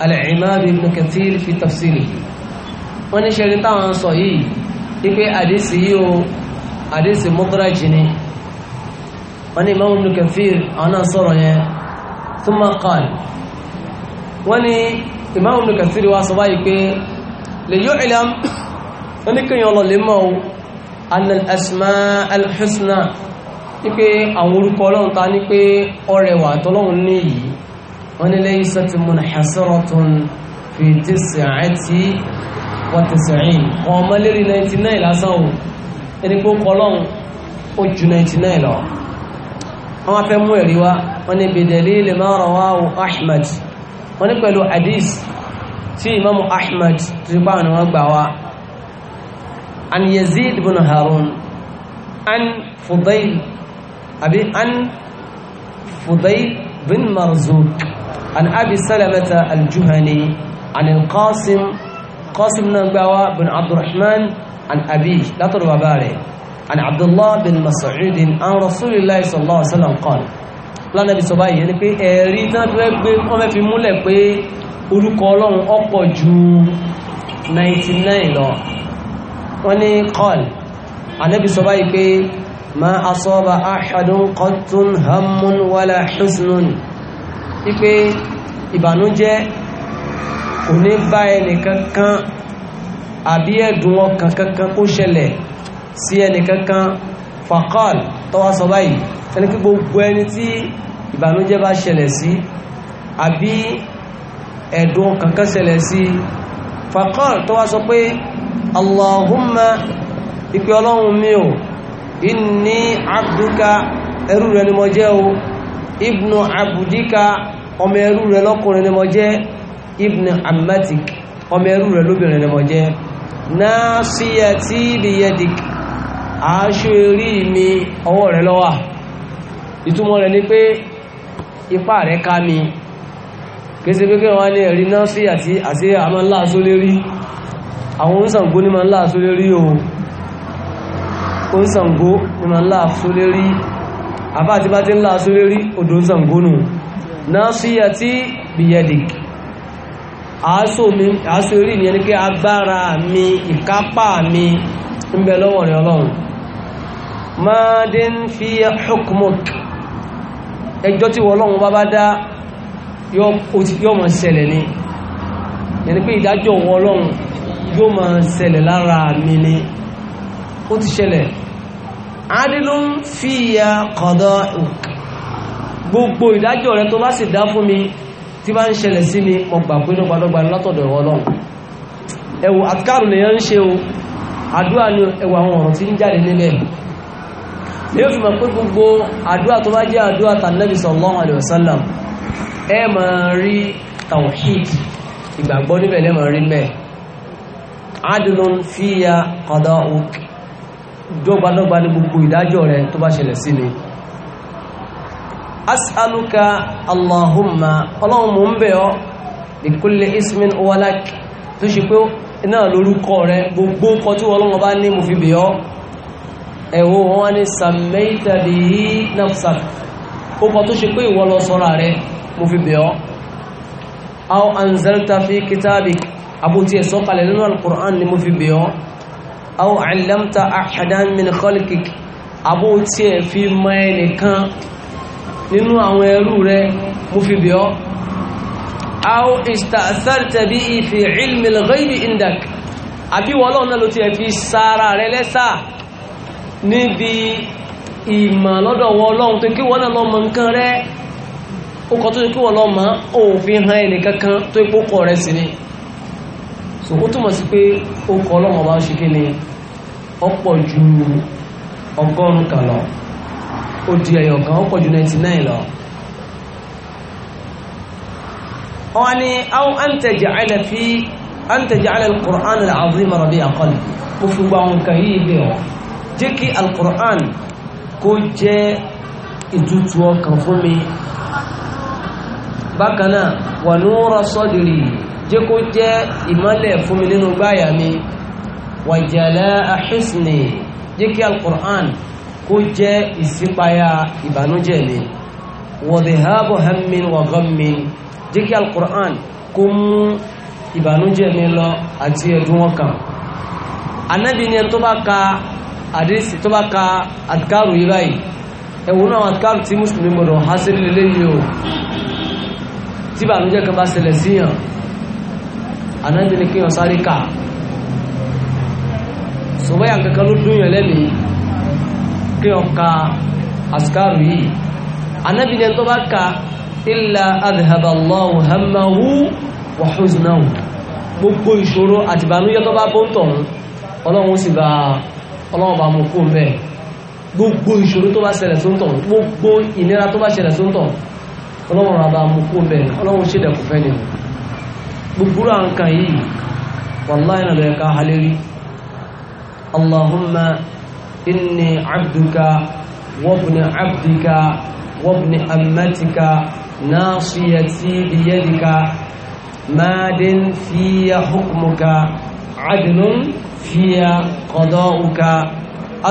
العماد بن كثير في تفسيره وني شيخ طبعا صحيح يبقى حديث يو حديث مدرج وني امام ابن كثير انا صرع ثم قال وني امام ابن كثير وصبايك ليعلم وني كان يقول لمو أن الأسماء الحسنى wípé àwọn orúkọ ọlọ́run ta ní pé ọrẹwà tọ́lọ́run ní yìí wọ́n ní lẹ́yìn sẹ́tì munhasiratun fi tis'ati wa tis'in wọn ọmọ lérí 99 lásán o ẹni pé ó kọ ọlọ́run ó ju 99 lọ wọ́n wá fẹ́ mú ẹ̀rí wá wọ́n ní bidalil ma rawahu ahmed wọ́n ní pẹ̀lú hadith tí imamu ahmed ti bá wọn gbà wá an yazid bin harun an fudail àbí an fudayl bin marzouk an abi salamata aljuhani an alqasim qasim náà gbà wá bin abdulrahman an abi látọ̀rọ̀ bàbá rẹ̀ an abdullah bin mas'ud an rasulillah sallallahu alaihi wasallam qala lánàbí sọ báyìí ẹni pé ẹ̀rí náà tó ẹgbẹ́ wọ́n mẹ́ fi múlẹ̀ pé orúkọ ọlọ́run ọ̀pọ̀ ju 99 lọ wọ́n ní kọ́ọ̀lù ànábì sọ báyìí pé ma asọ́ba ahadun qatun hammun wala husnun ipe ìbànújẹ́ kò ní bá ẹnìkankan àbí ẹ̀dùn ọkàn kankan kó ṣẹlẹ̀ sí ẹnìkankan faqal tọ́wá sọ báyìí ẹni pé gbogbo ẹni tí ìbànújẹ́ bá ṣẹlẹ̀ sí àbí ẹ̀dùn ọkàn ṣẹlẹ̀ sí faqal tọ́wá pé allahumma ìpè ọlọ́run mi ò inni abduka ẹrú rẹ ni mo jẹ́ o ibnu abudika ọmọ ẹrú rẹ lọ́kùnrin ni mo jẹ́ ibnu amatik ọmọ ẹrú rẹ lóbìnrin ni mo jẹ́ nasiyati biyadik aṣọ eré mi ọwọ́ rẹ ló wà ìtumọ̀ rẹ̀ ni pé ipá rẹ̀ ká mi kése pé kíwọ́n ní ẹ̀rí náà sí àti àti àmọ́ ńlá sólérí àwọn oúnjẹ máa ńlá sólérí ohun ó ń Ṣàngó ní ma ń láàfó lérí àbá àti bá ti ń láàfó lérí odò ń Ṣàngó nù nasiyati biyadik aṣọ mi aṣọ eré ìyẹn ni pé agbára mi ìkápá mi ń bẹ lọ́wọ́ rẹ ọlọ́run madin fi hukmuk ẹjọ́ tí wọ́n lọ́wọ́ bá bá dá yóò mọ̀ ṣẹlẹ̀ ni yẹn ni pé ìdájọ́ wọ́n lọ́wọ́ yóò mọ̀ ṣẹlẹ̀ lára mi ni ó ti ṣẹlẹ̀ adilun fiya kọ̀dọ̀ gbogbo ìdájọ́ rẹ tó bá sì dá fún mi tí bá ń ṣẹlẹ̀ sí mi mo gbà pé lọ́gbàdọ́gba látọ̀dọ̀ ẹ̀wọ̀ ọlọ́run ẹ̀wù àtikárù lèyàn ń ṣe o àdúrà ni ẹ̀wù àwọn ọ̀rọ̀ tí ń jáde nílẹ̀ ní ó fi mọ̀ pé gbogbo àdúrà tó bá jẹ́ àdúrà tànàbí sallallahu alaihi dọ́gbadọ́gba ní gbogbo ìdájọ́ rẹ̀ tó bá ṣẹlẹ̀ sí ni as'aluka allahumma ọlọ́run ń bẹ̀ ọ́ ismin walak tó ṣe pé náà lórúkọ rẹ gbogbo kọ tí ọlọ́run bá ní mo fi bẹ̀ ọ́ ẹ̀wọ́ wọn ni aw allamta ahadan min khalqik àbó tí ẹ̀ fi mọ ẹnìkan nínú àwọn ẹrú rẹ mú fi bẹ̀ ọ́ aw ista'tharta bihi fi ilmi al-ghaybi indak àbí wọ́n lọ́nà ló ti ẹ̀ e fi sára rẹ lẹ́sà níbi ìmọ̀ lọ́dọ̀ wọ ọlọ́run tó kí wọ́n náà lọ́mọ nǹkan rẹ ó kọ́ tó kí wọ́n lọ́mọ òfin han ẹnìkankan tó ipò kọ̀ rẹ sí ni so ó túmọ̀ sí pé ó kọ ọlọ́mọ bá ń ṣe kíni ọ̀pọ̀ ju ọgọ́rùn-ún kan lọ ó di ẹ̀yọ̀ kan ọ̀pọ̀ ju ninety nine lọ. wọ́n ní àwọn àǹtẹ̀jẹ̀ àìlẹ̀ fi àǹtẹ̀jẹ̀ àìlẹ̀ alukur'an al-azim rabi'a qalbi mo fi gba àwọn nǹkan yìí bẹ̀ wọ́n jẹ́ kí alukur'an kó jẹ́ ìtutù ọkàn fún mi bákan náà wà ní wọ́n rọ sọ́dìrì yìí jẹ́ kó jẹ́ ìmọ́lẹ̀ fún mi nínú gbáyà mi wàjàlá àhísìnì jẹ́ kí alkùrán kó jẹ́ ìsípayá ìbànújẹ́ mi wọ̀dẹ̀hábọ̀ hammin wọ̀gọ́mmin jẹ́ kí alkùrán kó mú ìbànújẹ́ mi lọ àti ẹ̀dùn ọkàn anábì ni tó bá ka àdísì tó bá ka àdìkárù yìí báyìí ẹ̀wọ̀n náà àdìkárù tí mùsùlùmí gbọdọ̀ hásílẹ̀ lẹ́yìn ìbànújẹ́ kan bá ṣẹlẹ̀ síyàn ànábì ní kí wọ́n sáré kà ṣùgbọ́n kankan ló dún yàn lẹ́nu kí wọ́n ka àsìkáàrù yìí ànábì ní tó bá ka illa adhhaba Allahu hammahu wa huznahu gbogbo ìṣòro àti ìbànújẹ́ tó bá bó ń tọ̀hún ọlọ́run sì bá ọlọ́run bá mú kó bẹ́ẹ̀ gbogbo ìṣòro tó bá ṣẹlẹ̀ tó gbogbo ìnira tó bá ṣẹlẹ̀ tó ọlọ́run bá mú kó bẹ́ẹ̀ ọlọ́run ṣèdẹ̀kù fẹ́ nìyẹn gbogbo àǹkà yìí wàláyé náà lọ́yẹ̀ká halérí allahumma inni abduka wabni abdika wabni amatika nasiyati biyadika madin fiya hukmuka adnun fiya qada'uka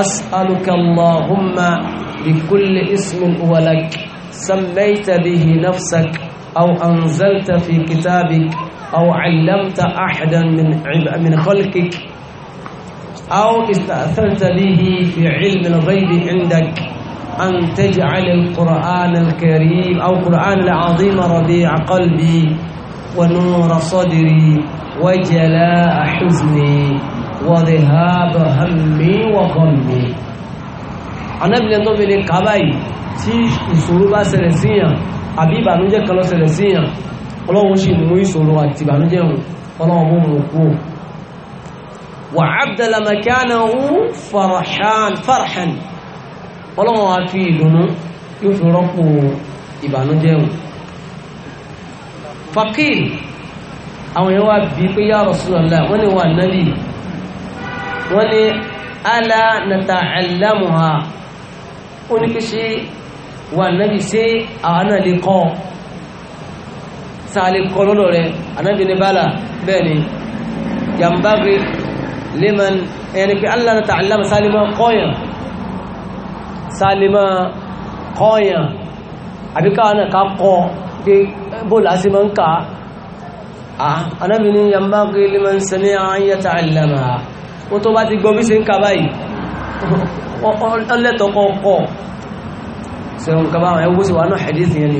أسألك اللهم بكل اسم هو لك سميت به نفسك أو أنزلت في كتابك أو علمت أحدا من من خلقك أو استأثرت به في علم الغيب عندك أن تجعل القرآن الكريم أو القرآن العظيم ربيع قلبي ونور صدري وجلاء حزني وذهاب همي وغمي أنا tó fi lè kà báyìí tí ìṣòro bá ṣẹlẹ̀ síyàn ọlọ́run sì mú ìṣòro àti ìbànújẹ́ hùn ọlọ́run mú mú kú wà abdala makanahu farhan farhan ọlọ́run wa fi ìdùnnú yóò fi rọ́pò ìbànújẹ́ hùn fakil àwọn yẹn wá bí pé ya Rasulullah wọ́n ni wà nábì wọ́n ni ala nata'allamuha ó ní kí ṣe wà nábì sí àwọn náà sáàlì kọ́ lọ́dọ̀ rẹ̀ anábì ní bala bẹ́ẹ̀ ni yambagi liman ẹni pé allah na ta'allama sáàlì máa kọ́yàn sáàlì máa kọ́yàn àbíkáwà náà ká kọ́ pé bóòlá sí máa ń kàá anábìnrin yambaghi liman sami'a an yata'allama o tó bá ti gbọ́ bí ṣe ń kàbá yìí ọlẹ́tọ̀kọ́ ọkọ̀ ṣe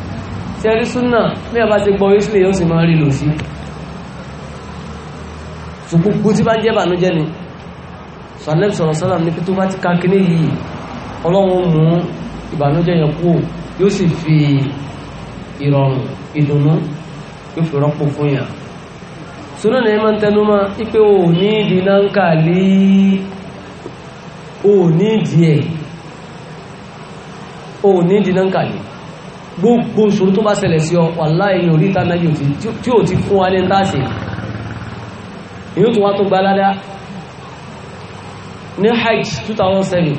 ṣẹ́rí súnà ní ọba ti gbọ́ ìsìlẹ̀ yóò sì máa rí lò sí ṣùgbùgbù tí bá jẹ́ bànújẹ́ ni sọ̀lẹ́m sọ̀rọ̀ sọ́làm ní pító bá ti ká kíní yìí ọlọ́run mú ìbànújẹ́ yẹn kú yóò sì fi ìrọ̀rùn ìdùnnú yóò fi rọ́pò fún yà súnà ní ẹmọ tẹnu mọ́ ipe ò ní ìdí náà ń kà lé ò ní ìdí ẹ̀ ò ní ìdí náà ń kà lé gbogbo ìṣòro tó bá ṣẹlẹ̀ sí ọ wallahi èyàn orí ìta náà tí ò ti fún wa ní táàsì èyí tó wá tó gba ládá ní hajj 2007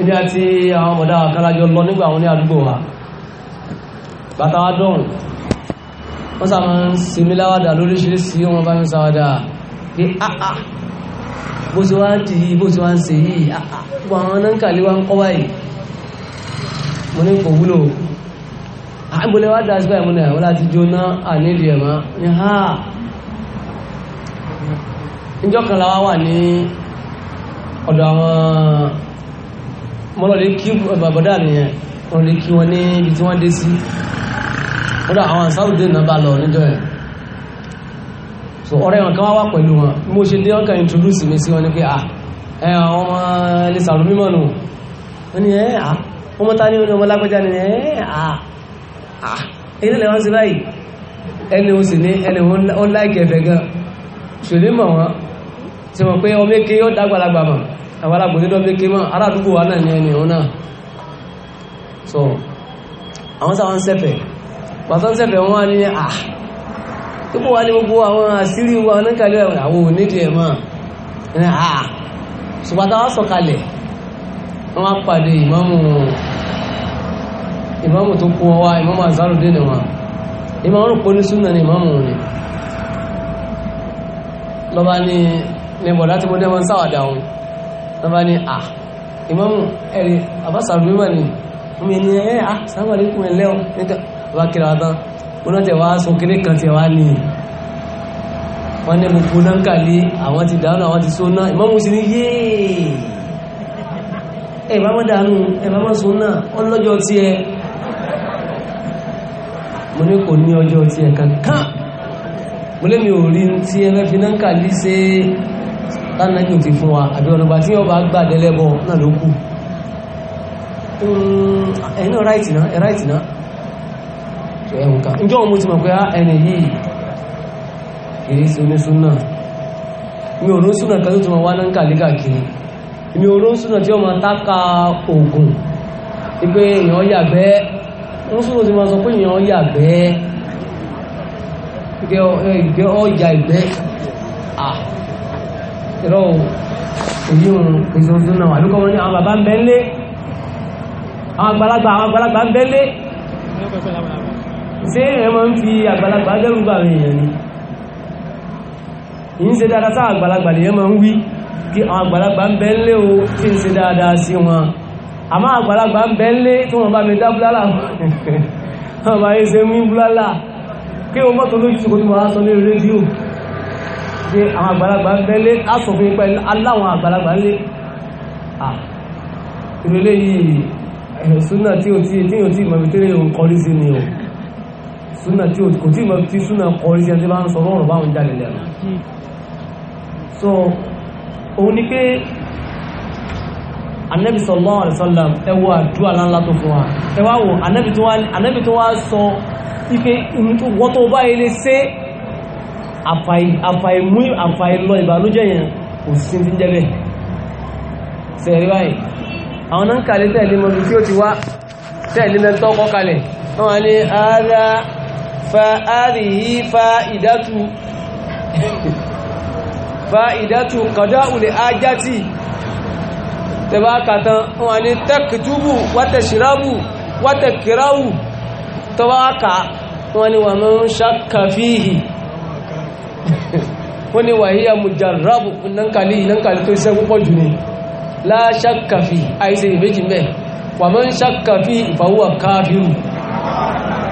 ibi àti àwọn ọmọdá àkálájọ lọ nígbà àwọn ní àdúgbò wa bàtà wa dọ̀rùn wọ́n sá máa ń se mí láwádà lóríṣiríṣi wọn bá mi sáwádà pé àà ah, ah, bó ti wá ń dì yìí bó ti wá ń se yìí àà ah, gbogbo àwọn náà ń kàlé wa ń kọ́ báyìí mo ní kò wúlò àìmọ̀lẹ́ wá dá síbẹ̀ ìmúlẹ̀ láti jóná àníìdí ẹ̀mọ́ ní ha níjọ́ kan la wà ní ọ̀dọ̀ àwọn mọ́lọ́lẹ́ kí bàbọ̀dá nìyẹn mọ́lọ́lẹ́ kí wọ́n ní ibi tí wọ́n dé sí ọ̀dọ̀ àwọn sáwùdé náà bá lọ so ọ̀rẹ́ wọn kan wá wà pẹ̀lú wọn mo ṣe dé introduce mi sí wọn pé ah ọmọ ta ní oní ọmọ lágbẹ́já ni ẹ̀yìn lẹ́wọ́n sí báyìí ẹni o sì ní ẹni o láìkẹ̀ ẹ̀fẹ̀ gan ṣòlí mọ̀ wọ́n ti mọ̀ pé ọmọ èké yóò dágbàlagbà mọ̀ àwọn alágbò nínú ọmọ èké mọ̀ ará àdúgbò wa náà ní ẹni òun náà so àwọn sáwọn sẹ́fẹ̀ pàtó ń sẹ́fẹ̀ wọn ní à kíkọ́ wa ní gbogbo àwọn àṣírí wa náà kàlẹ́ àwọn onídìí ẹ̀ mọ̀ ẹ̀ à ṣùgbọ́n wọ́n wá pàdé ìmáàmù ìmáàmù tó kú ọwá ìmáàmù àzáròdé ni wọn ìmáàmù rò pọ́ní súnà ni ìmáàmù ni lọ́ba ní níbọ̀ láti mọ́ dẹ́mọ́ sáwàdà wọn lọ́ba ní à ìmáàmù ẹ̀rí àbásàròdé wà ní omi ni ẹ̀ à sáwàdé kún ẹ̀ lẹ́wọ̀n níta bá kíra wa tán wọn náà tẹ̀ wá sọ kéré kan tẹ̀ wá ní wọn ní gbogbo náà ń kà lé ẹ̀bá mọ́ dànù ẹ̀bá mọ́ sún náà ọlọ́jọ́ tí ẹ mo ní kò ní ọjọ́ tí ẹ kankan mo lé mi ò rí tí ẹ fẹ́ náà kà lí ṣe tánàjò ti fún wa àbí ọ̀nàgbà tí wọ́n bá gbà náà ló kù hmm, náà ráìtì náà èmi orónsùnà tí ó máa táka oògùn wípé èèyàn yà bẹ́ẹ̀ orónsùnà tí máa sọ pé èèyàn yà bẹ́ẹ̀ ìgbẹ́ ọjà ìgbẹ́ à ìrọ̀ èyí òun pèsè orónsùnà wà lókọ́ wọn ní àwọn bàbá ń bẹ́ agbalagba àwọn àgbàlagbà àwọn àgbàlagbà ń bẹ́ ṣé ẹ máa ń fi àgbàlagbà dẹ́rù bà kí àwọn àgbàlagbà ń bẹ ńlé o tí ń ṣe dáadáa sí wọn àmọ́ àgbàlagbà ń bẹ ńlé tí wọ́n bá mi dá búlálà [laughs] wọ́n bá yẹ ṣe mí búlálà kí wọ́n mọ́tò lójú ṣòkò tí mo rá sọ ní rédíò pé àwọn àgbàlagbà ń bẹ ńlé asòfin pẹ̀lú aláwọn àgbàlagbà ńlé ìrẹ̀lẹ̀ yìí eh, súnà tí ò tí ètí ò tí ìmọ̀ ìtẹ́lẹ̀ sí ni o súnà tí ò tí ìmọ̀ tí súnà kọrí sí ẹni tí bá ń so òun ni pé anabi sallallahu alaihi wasallam ẹ wo àdúrà ńláńlá tó fún wa ẹ wá wo anabi tó wá sọ ipe wọ́n tó bá ilé ṣe àfàìmú àfàìlọ ìbànújẹ́ yẹn kò sí ti jẹ́ bẹ́ẹ̀ sẹ̀rí báyìí àwọn náà ń kàlẹ̀ tẹ̀lé mọ́bí tí ó ti wá tẹ̀lé mẹ́tọ́ kọkalẹ̀ wọ́n ní ara fa àríyí fa ìdátù fa'idatu qada'u li ajati tẹba kàtàn wọn ni tẹ́kìtúbù wátẹ̀ṣìrábù wátẹ̀kìráwù tọba aka wọn ni wọn mọ́ ṣakàfíhì wọ́n ni [laughs] wàhíyà mujarrabu nankali nankali tó iṣẹ́ púpọ̀ jù ní la shakka fi àìsẹ̀ ìbejì mẹ́ wà mọ́ shakka fi ìfàwọ́ káfíru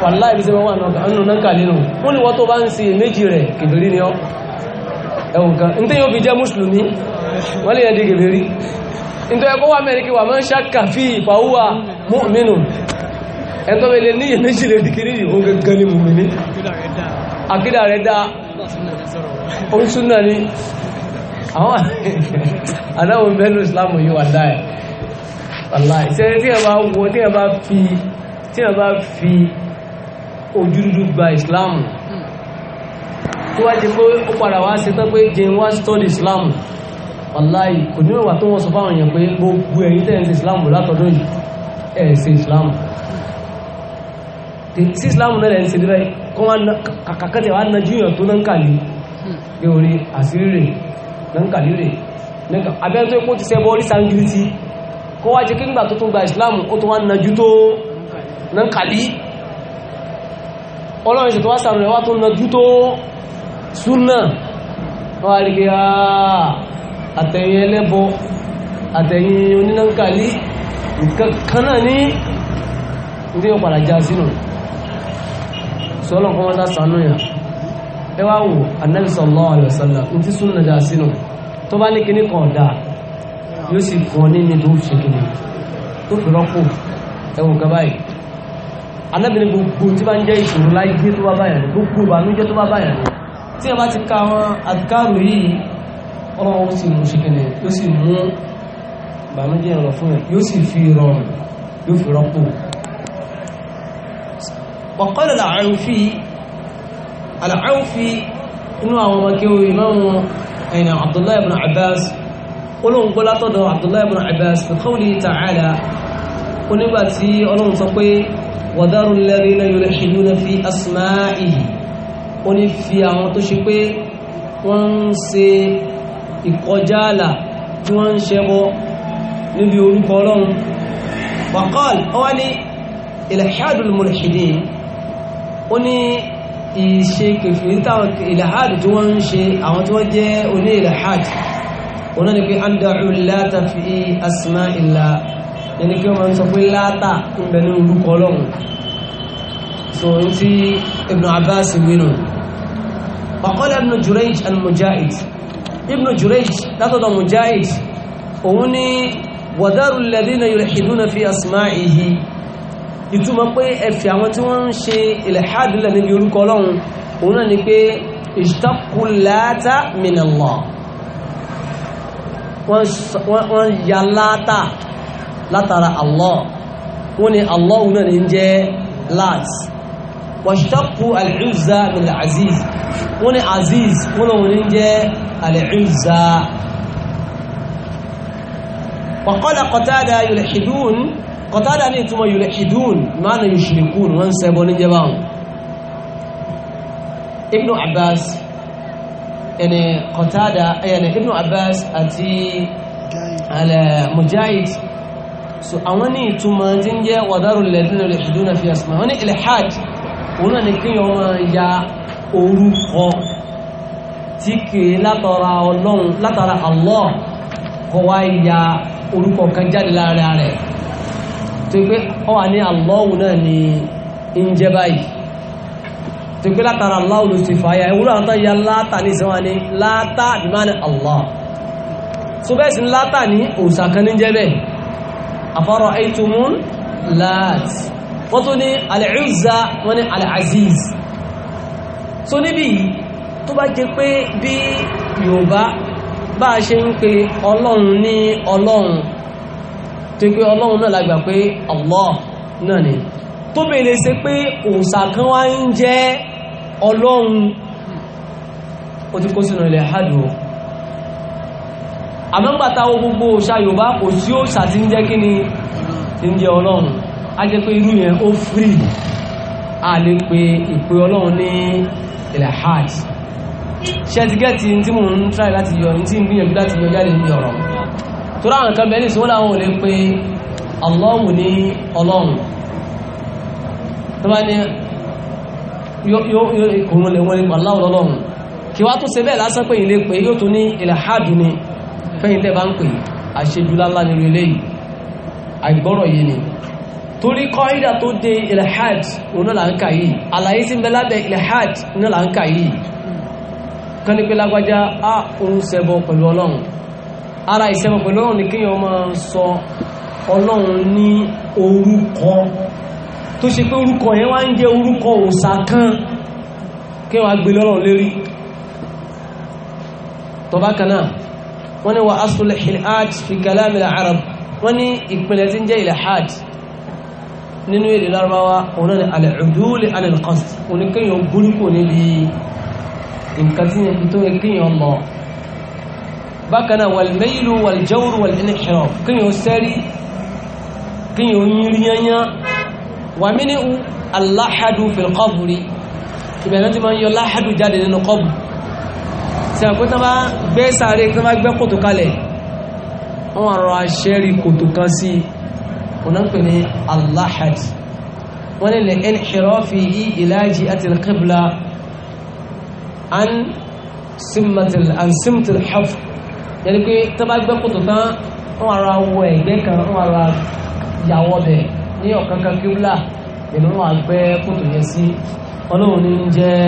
wà láìbí sẹ́wọ́n wà nánkali nù wọ́n ni wọ́n tó bá ń ṣe méjì rẹ̀ kìbìrí ni ọ́ ẹ̀wùn kan ní tí yóò fi jẹ́ mùsùlùmí wọ́n lè yẹn di gèbè rí ní tó ẹkọ́ wà mẹ́rin kí wà máa ń ṣàkà fi ìfàwúwà mọ́mínú ẹ̀tọ́ ilẹ̀ ní ìyẹ̀méjì lè di kiri ìhun gẹ́gẹ́ ní mùmíní Islam yìí wà dáẹ̀ wàláì ṣe tí ẹ bá wo tí ẹ bá fi gba Islam tó wá jẹ pé ó padà wá ṣe tán pé jẹun wá study Islam wàláì kò ní ìwà tó wọ́n sọ fáwọn èèyàn pé gbogbo ẹ̀yin tẹ̀ ń ṣe Islam látọ̀dún yìí ẹ̀ ṣe Islam sí Islam náà lẹ́yìn ṣe dé báyìí kọ́ wá kàkàkẹ́ tẹ̀ wá na júyàn tó náà ń kàlí pé orí àṣírí rẹ̀ náà ń kàlí rẹ̀ abẹ́rẹ́ tó kó ti sẹ́ bọ́ orísà ń gírí ti kọ́ wá jẹ́ kí tó tó gba Islam ó tó wá na tó náà kàlí ọlọ́run ṣètò wá sàrùn rẹ̀ wá tó na tó súnà wọ́n rí pé ah, àtẹ̀yìn ẹlẹ́bọ àtẹ̀yìn onínàkàlí nǹkan kan náà ní ní ó padà já sínú sọ́lọ́n kọ́mọ́ta sànú yà ẹ wá wò Ànábì sallallahu alaihi wasallam ní tí súnà já sínú tó bá ní kíní kan dáa yóò sì kàn ní ní tó ṣe kíní tó fi rọ́pò ẹwọ̀n kan báyìí Ànábì ní gbogbo tí bá ń jẹ́ ìṣòro láyé tó bá báyà ní gbogbo ìbànújẹ́ tó bá báyà ní tí a bá ti ka àwọn àdìkárò yìí ọlọ́wọ́ sì mú ṣìkìnì yóò sì mú ìbànújẹ́ ìrọ̀ fún ẹ̀ yóò sì fi rọrùn yóò fi rọ́pò wàkọ́lẹ̀ làárùfí àlàárùfí inú àwọn ọmọkéwò ìmáwọn ẹ̀yìn Abdullahi ibn Abbas ó ní fi àwọn tó ṣe pé wọ́n ń ṣe ìkọjáàlà tí wọ́n ń ṣẹbọ níbi orúkọ ọlọ́run wàkọ́l ọwá ní ilahadul mulhidin ó ní ìṣe kèfìríta ilahad tí wọ́n ń ṣe àwọn tí wọ́n jẹ́ oní ilahad wọ́n náà ni pé an da'u láta fi so n ti Ibn Abbas wínú فقال ابن جريج المجاهد ابن جريج لقد مجاهد أوني وذروا الذين يلحدون في أسمائه ìtumọ̀ pé ẹ̀fì àwọn tí wọ́n ń ṣe ìlẹ̀hádìlẹ̀ níbi orúkọ ọlọ́run òun náà ni pé ìṣtọ́kùláta mìnàlọ́ wọ́n ya láta látara Allah wọ́n ni Allah òun náà ni ń jẹ́ láti wàṣtàkù al'uzza min al'aziz wọ́n ni aziz wọ́n wọ́n ní jẹ́ al'uzza wàkọ́lá kọtádà yulhidun kọtádà ní ìtumọ̀ yulhidun máa na yushrikun wọ́n sẹ́bọ̀ ní jẹba ibnu abbas ẹni kọtádà ẹni ibnu abbas àti mujahid so àwọn ní ìtumọ̀ tí ń jẹ́ wàdárù lẹ́dínlẹ̀ yulhidun fi asma wọ́n ni ilhad òun náà ni kíyàn máa ya orúkọ tí kìí látara ọlọ́run látara Allah kọ wá ya orúkọ kan jáde lára rẹ̀ tó pé ọ wà ní Allah náà ni ń jẹ́ báyìí tó pé látara Allah ló ti fàáyà ewúrò àwọn tó ya látà ní ìsinmi ni látà bí máa ní Allah so bẹ́ẹ̀ sí látà ní òòsà kan ní jẹ́ bẹ́ẹ̀ àfọ́rọ̀ 8 moon láti wọ́n tó ní al-Uzza wọ́n ní al-Aziz so níbi tó bá jẹ pé bí Yorùbá bá a ṣe ń pe ọlọ́run ní ọlọ́run tó pé ọlọ́run náà la gbà pé Allah náà ni tó bèèrè ṣe pé òòṣà wá ń jẹ́ ọlọ́run ó ti kó sínú ilẹ̀ hádùú àmọ́gbàtà gbogbo òòṣà Yorùbá kò sí òòṣà tí ń jẹ́ kí ni tí ń jẹ́ ọlọ́run a jẹ́ pé irú yẹn ó fírí a lè pe ìpè ọlọ́run ní ilẹ̀ hajj ṣẹ́tigẹ́tì tí mò ń tráì láti yọ ní tí ń gbìyànjú láti yọ jáde ní ọ̀rọ̀ tó ráhùn kan bẹ̀rẹ̀ ìṣòwò láwọn ò lè pe ọlọ́run ní ọlọ́run tó bá ní òun lè wọ́n ní aláwọ̀ ọlọ́run kí wá tó ṣe bẹ́ẹ̀ lásán pé ilé pé yóò tó ní ilẹ̀ hajj ni fẹ́yìntẹ́ bá ń pè àṣejù lálá nínú ilé yìí àìgbọ́rọ̀ yìí ni torí kọ́ídà tó dé ilẹ̀had oná là ń kà yìí àlàyé tí ń bẹ lábẹ́ ilẹ̀had oná là ń kà yìí kan ní pé lágbájá á ń ṣẹbọ pẹ̀lú ọlọ́run ara ìṣẹbọ pẹ̀lú ọlọ́run ni kíyàn máa sọ ọlọ́run ní orúkọ tó ṣe pé orúkọ yẹn wá ń jẹ́ orúkọ òòṣà kan kí wọ́n gbé lọ́lọ́run lérí tọba kan náà wọ́n ní wa asulẹ̀ ilhad fi kalamil arab wọ́n ní ìpìlẹ̀ tí ń jẹ́ ilẹ̀had nínú èdè lárúbáwá òun náà al-udul ala al-qasd òun kéèyàn gúrúkò níbi nǹkan tí yẹn tó yẹ kéèyàn lọ bákan náà wal-mayl wal-jawr wal-inhiraf kéèyàn sẹ́rí kéèyàn yíríyányá wà mí ní al-lahadu fil qabri ìbẹ̀rẹ̀ tí máa ń yọ láhàdù jáde nínú kọ́bù tí a kó tán bá gbé sáré tán bá gbé kòtò ọ̀nà pè ní al-lahad wọ́n ni lè inhirafihi ila jihati al-qibla an simmatil an simtil haf yẹni pé tó bá gbẹ́ kòtò tán wọ́n ara wọ ẹ̀gbẹ́ kan wọ́n ara yàwọ́ bẹ̀ ní ọ̀kankan kíbla nínú wọn àgbẹ́ kòtò yẹn sí ọlọ́run ní jẹ́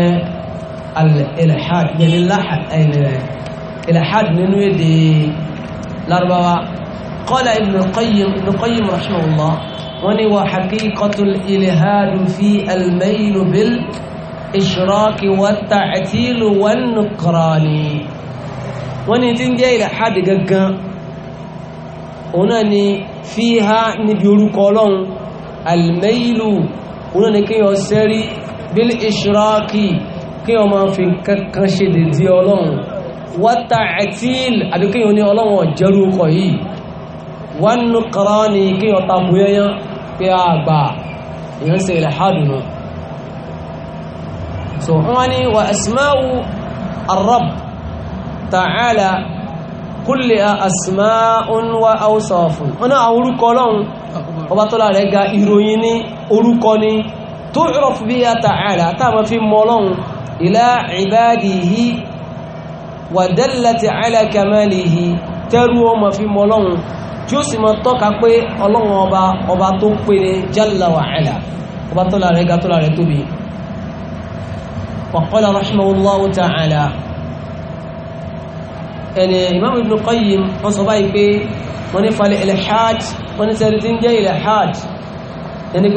al-ilhad yẹni lahad ilhad nínú èdè Lárúbáwá قال ابن القيم ابن القيم رحمه الله وني حقيقة الإلهاد في الميل بالإشراك والتعتيل والنكران وني تنجي إلى حد ققا ونني فيها نبيرو قولون الميل ونني كي يسري بالإشراك كي يوم في الككشد ديولون والتعتيل أبي كي يوني أولون وجرو قوي wọ́n nù kọ́rọ́ ni kí ọ̀tá bóyáyán pé a gbà èèyàn ṣe ilẹ̀ hádùn so wọ́n ni wà asmáwù arab ta'ala kúlẹ̀ asmáun wa awsafun wọ́n náà orúkọ ọlọ́run ọba tọ́lá rẹ̀ ga ìròyìn ní orúkọ ni tó ìrọ̀fù bí a ta'ala táàmà fi mọ́ ọlọ́run ilá ìbáàdìhí wà dallati ala kamalihi tẹ́rù ọmọ fi mọ́ ọlọ́run tí ó sì mọ tọ́ka pé ọlọ́run ọba ọba tó pé ní jalla wa ala ọba tó lára ẹga tó lára tóbi wa qala rahimahullahu ta'ala ẹni imam ibn qayyim wọ́n sọ báyìí pé wọ́n ní falẹ̀ ilhad wọ́n ní sẹ́rí tí ń jẹ́ ilhad ẹni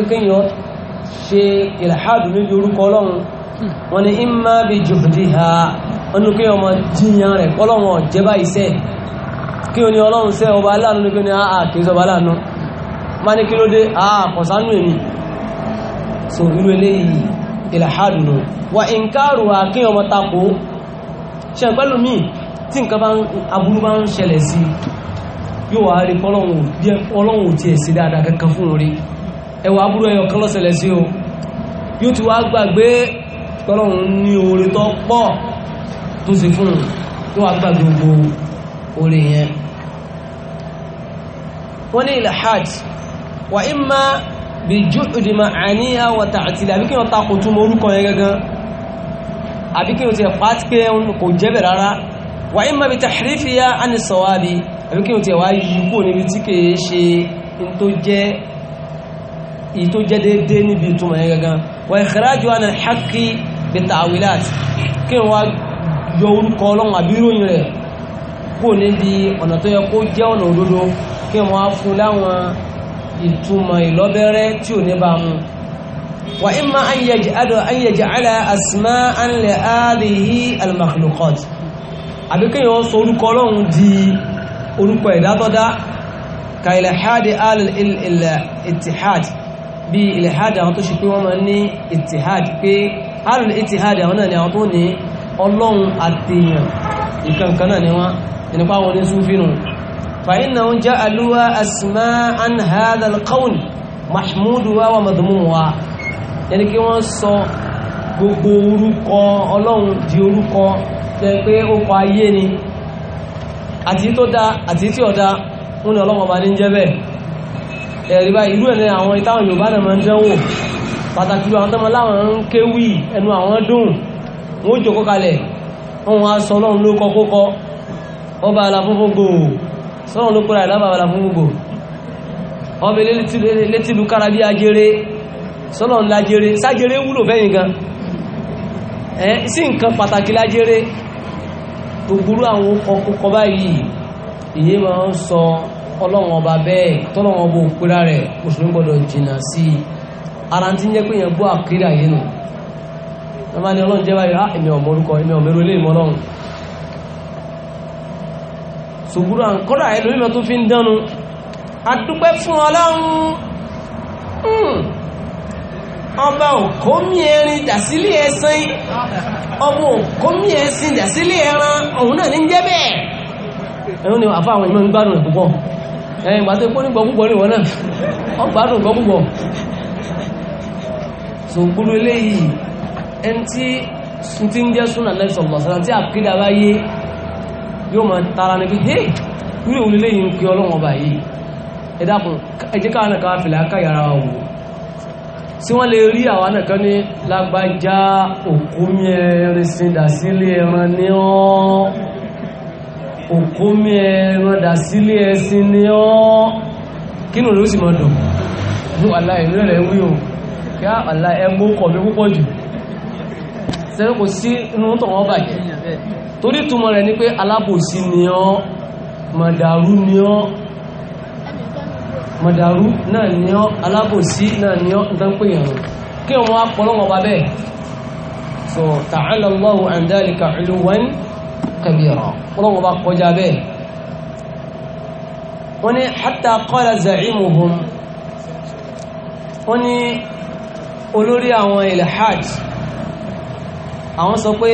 kí o ní ọlọ́run sẹ́ ọba aláàánú ní pé ní ah, àà ah, kìí sọba aláàánú má ní kí ló dé àà ah, kọ̀sánú èmi so irú eléyìí ìlàhádùnú wà ìǹkàrù àkí ọmọ tako ṣe pẹ́lú míì tí nǹkan bá aburú bá ń ṣẹlẹ̀ sí yóò wá rí ọlọ́run òtí ẹ̀sí dáadáa kankan fún orí ẹwà aburú ẹyọ kan ló ṣẹlẹ̀ sí o yóò orí yẹn wọ́n ní ilhad wà imma bí jùdì ma àníyà wà tààtìlì àbí kí wọ́n takò túnmọ̀ orúkọ yẹn gangan àbí kí wọ́n ti pa ti pé kò jẹ́bẹ̀ rárá wà imma bí tahrifiya àni sọ̀wábi àbí kí wọ́n ti wá yíkò níbi tí kìí ṣe in tó jẹ́ déédéé níbi ìtumọ̀ yẹn gangan wà ìkìrájú àni haqqi bí tààwìlát kí wọ́n yọ orúkọ ọlọ́run àbí ìròyìn rẹ̀ kó níbi ọ̀nà tó yẹ kó jẹ́ ọ̀nà òdodo kí wọ́n á fún láwọn ìtumọ̀ ìlọ́bẹ̀rẹ̀ tí ò ní bá mu wa imma an yaj'ala asma'an li hadhihi al-makhluqat àbí kí wọ́n sọ orúkọ ọlọ́run di orúkọ ìdátọ́dá ka ilhadi al-ittihad bí ilhadi àwọn tó ṣe pé wọ́n nípa wọn ní súfínù fàyínà ń jẹ́ alúwa asìmá an hadha alqawn mahmudu wa wa madhumu wa yẹni kí wọ́n sọ gbogbo orúkọ ọlọ́run di orúkọ tẹ́ pé ó kọ ayé ni àti tó dá àti tí ọ̀dá ń ní ọlọ́run ọba ní jẹ́ bẹ́ẹ̀ ẹ̀rí bá irú ẹ̀nà àwọn ìtàwọn Yorùbá náà máa ń dánwò pàtàkì àwọn tọ́mọ láwọn ń kéwì ẹnu àwọn dùn wọ́n jòkó kalẹ̀ wọ́n wá sọ ọlọ́run ló kọ́kọ́ ọba aláfúnfúngò sọ́rọ̀ ló kúrò àìlábà aláfúnfúngò ọba létílu kára bí ajere sọ́rọ̀ lájere sájere wúlò fẹ́yìn gan ẹ̀ sí nǹkan pàtàkì lájere gbogbo àwọn ọkọ̀ báyìí ìyé máa ń sọ ọlọ́wọ́n ọba bẹ́ẹ̀ tọ́lọ́wọ́n bó pẹ́ra rẹ̀ òṣèlú gbọ́dọ̀ jìnà sí i ara tí ń jẹ́ pé yẹn bó àkírí àyè nù wọ́n bá ní ọlọ́run jẹ́ báyìí ah èmi ọ̀mọ orúkọ èmi ọ̀mọ eré ilé ṣùgbúrú à ń kọ́dà ẹlòmímọ̀ tó fi ń dánu adúpẹ́ fún ọlọ́run hmm. ọba òkómi ẹrin dàsílé ẹsìn ọmọ òkómi ẹsìn dàsílé ẹran òun náà ní jẹ́ bẹ́ẹ̀ ẹ̀rùn ni àfá àwọn ìmọ̀ ń gbádùn púpọ̀ ẹ̀yìn ìgbà tó kó ní gbọ́gbùgbọ́ ní wọ́n náà wọ́n gbádùn gbọ́gbùgbọ́ so gbúrú eléyìí ẹni tí sun ti ń jẹ́ súnà lẹ́sọ̀lọ̀sọ̀lá tí àkídà bá yé yóò máa tara ní pé hé wíwò òun lè yìn pé ọlọ́wọ́n ọba yìí ẹ dákun ẹ jẹ́ káwọn nìkan fìlà ká yàrá wò tí wọ́n lè rí àwọn nìkan ní lágbájá òkú mẹ́rin síndásílẹ̀ ẹran ní ọ́ òkú mẹ́rin dásílẹ̀ ẹsìn ní ọ́ kínú ló sì mọ́ dùn ní wàhálà ìrẹ́lẹ̀ wí o kí wàhálà ẹgbó kọ̀ mí púpọ̀ jù sẹ́rẹ́ kò sí inú tó wọ́n bàjẹ́ torí túmọ̀ rẹ̀ ní pé alábòsí ni ọ́ mọ̀dàrú ni ọ́ mọ̀dàrú náà ni ọ́ alábòsí náà ni ọ́ ìdánpé ìrùn kí wọ́n apọ̀lọ́wọ́ bá olórí àwọn ilhad àwọn sọ pé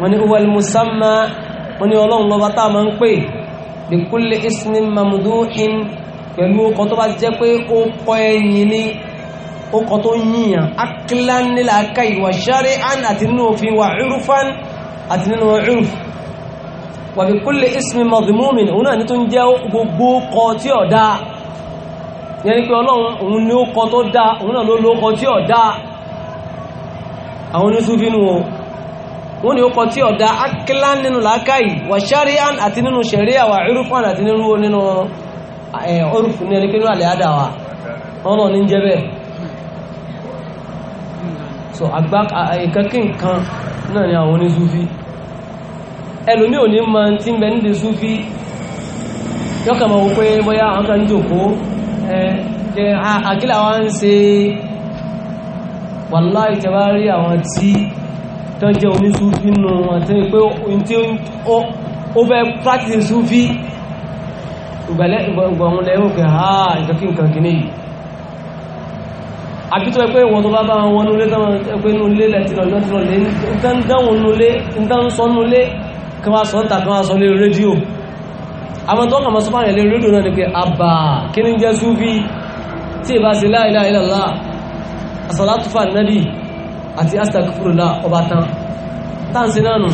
wọ́n ní uwal musamma wọ́n ní ọlọ́run lọ́ba tá a máa ń pè bi kulli ismin mamduhin pẹ̀lú ọkọ̀ tó bá jẹ́ pé ó kọ́ ẹ̀yìn ní ọkọ̀ tó yíyàn akílan nílà aka ìwà shari'an àti nínú òfin wà urfan àti nínú urf wà bi kulli ismin madhmumin òun náà ní tó ń jẹ́ gbogbo ọkọ̀ tí ó dáa pé ọlọ́run òun ní ó kọ tó dáa òun náà ló lókọ tí ó àwọn oníṣúfí o wọ́n ni ó kọ tí ọ̀dá akílán nínú làákàyè wà ṣáríán àti nínú ṣẹ̀ríà wà irúfàn àti nínú nínú orúfù ní ẹnikínú àlẹ́ àdáwà ọ̀nà ní jẹ́ so ni ma kan jòkó ẹ wàláì tẹwà rí àwọn tí tó jẹ́ onísúfí nù wọn tó yí pé tí ó fẹ́ practice súfí ìgbàwọn lẹ́rùn pé ha ìkàkí nǹkan kìíní yìí àbí tó yẹ pé ìwọ̀n tó bá bá wọn nulé pé nulé lẹ́tìlọ́lọ́ tìlọ́lé ń dáhùn nulé ń dáhùn sọ nulé kí wọ́n sọ ń ta kí wọ́n sọ lé rédíò àwọn tó kàn tí ìbá sí la ilaha asalatufa nabi àti astagfirullah ọba tán táǹsì náà nù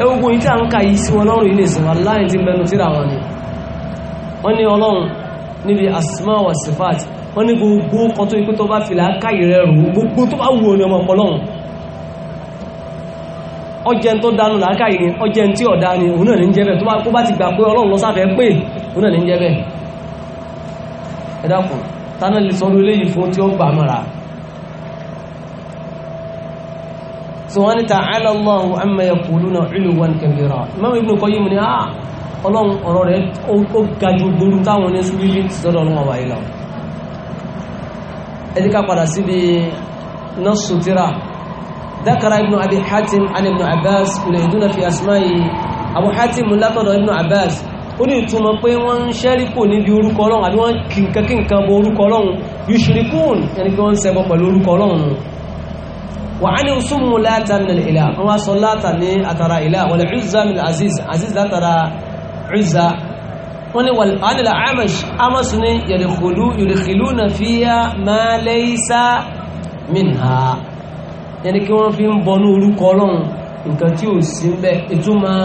ẹgbogbo yìí tí a ń ka yìí sí ọlọ́run yìí nìsìn aláyìn tí mẹ́nu síra wọn ni wọ́n ní ọlọ́run níbi asma wa sifat wọ́n ní gbogbo kan tó ikú tó bá fìlà káyì rẹ̀ rù gbogbo tó bá wù ní ọmọ ọpọlọ́run ọjẹ́ tó dánú làákàyè ni ọjẹ́ tí ọ̀dá ni òun náà ní jẹ́bẹ̀ tó bá ti gbà pé ọlọ́run lọ sáfẹ́ pé òun náà ní jẹ́bẹ̀ ẹ tánà lè sọ́rọ̀ eléyìí fún tí ó gbà mọ́ra so wọ́n ni ta'ala Allahu amma yaquluna 'uluwan kabira Imam Ibn Qayyim ni ah ọlọ́run ọ̀rọ̀ rẹ̀ ó ga ju gbogbo táwọn ní súnlẹ̀ sọ́dọ̀ ọlọ́run ọba ìlọ ẹni ذكر ابن أبي حاتم عن ابن عباس يريدون في أسمائه أبو حاتم لقد ابن عباس ó ní ìtumọ̀ pé wọ́n ń ṣẹ́ríkò níbi orúkọ ọlọ́run àbí wọ́n kìnkankan bọ orúkọ ọlọ́run yushrikun ẹni pé wọ́n ń ṣẹbọ pẹ̀lú orúkọ ọlọ́run wà á ní súnmù láta min al-ilah wọ́n wá sọ láta ní àtàrà ìlà wal Uzza min aziz aziz látara Uzza wọ́n ní wàlánilà amash amash yẹni kí wọ́n fi ń bọ ní orúkọ ọlọ́run nǹkan tí ò sí ń bẹ ìtumọ̀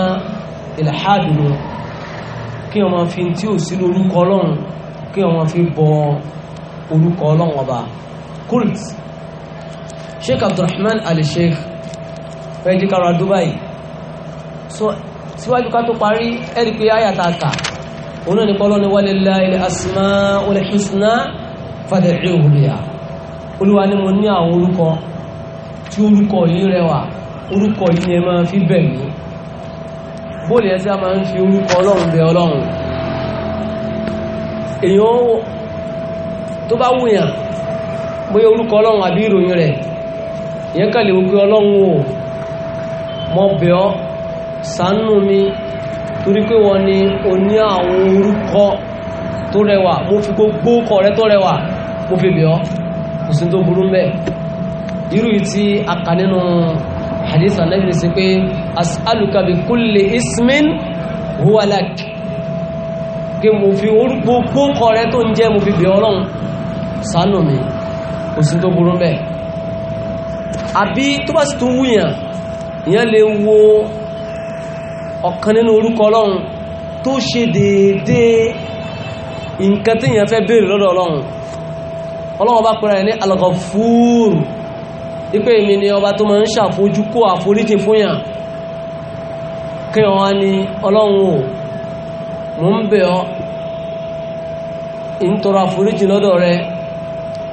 ìlàhádùn kí ọmọ fi tí ò sí lórúkọ ọlọ́run kí ọmọ fi bọ orúkọ ọlọ́run ọba kult sheikh abdulrahman al-sheikh fẹ́ẹ́ jí kára dubai so síwájú ká tó parí ẹ̀rí pé ayàtàkà òun ní kọ́lọ́ ni walillahil asmaul husna fad'uhu biha olúwa ni mo ní àwọn orúkọ tí orúkọ yìí rẹwà orúkọ yìí ni ẹ máa fi bẹ̀ mí bóòlù ẹsẹ́ a máa ń fi orúkọ ọlọ́run bẹ ọlọ́run èyàn tó bá wùyàn bóyá orúkọ ọlọ́run àbí ìròyìn rẹ̀ ìyẹn kàlẹ̀ wípé ọlọ́run o mọ bẹ̀ ọ́ ṣàánú mi torí pé wọ́n ni o ní àwọn orúkọ tó rẹwà mo fi gbogbo ọkọ rẹ tó rẹwà mo fi bẹ̀ ọ́ kò sí tó burú mẹ́ irú yìí tí a kà nínú hadith anabi ni sí pé as'aluka bi kulli ismin huwa lak kí mo fi gbogbo kọrẹ tó ń jẹ́ mo fi bí ọlọ́run ṣàánú mi kò sí tó burú bẹ́ẹ̀ àbí tó bá sì tún wúyàn ìyẹn lè wo ọ̀kan nínú orúkọ ọlọ́run tó ṣe déédéé nǹkan tí ìyẹn fẹ́ béèrè lọ́dọ̀ ọlọ́run ọlọ́run bá pẹ̀rẹ̀ ní al-Ghafur ipé èmi ni ọba tó máa ń ṣàfojú kó àforíjì fúnyàn kí wọ́n ní ọlọ́run ò mò ń bẹ̀ ọ́ ìntọrọ àforíjì lọ́dọ̀ rẹ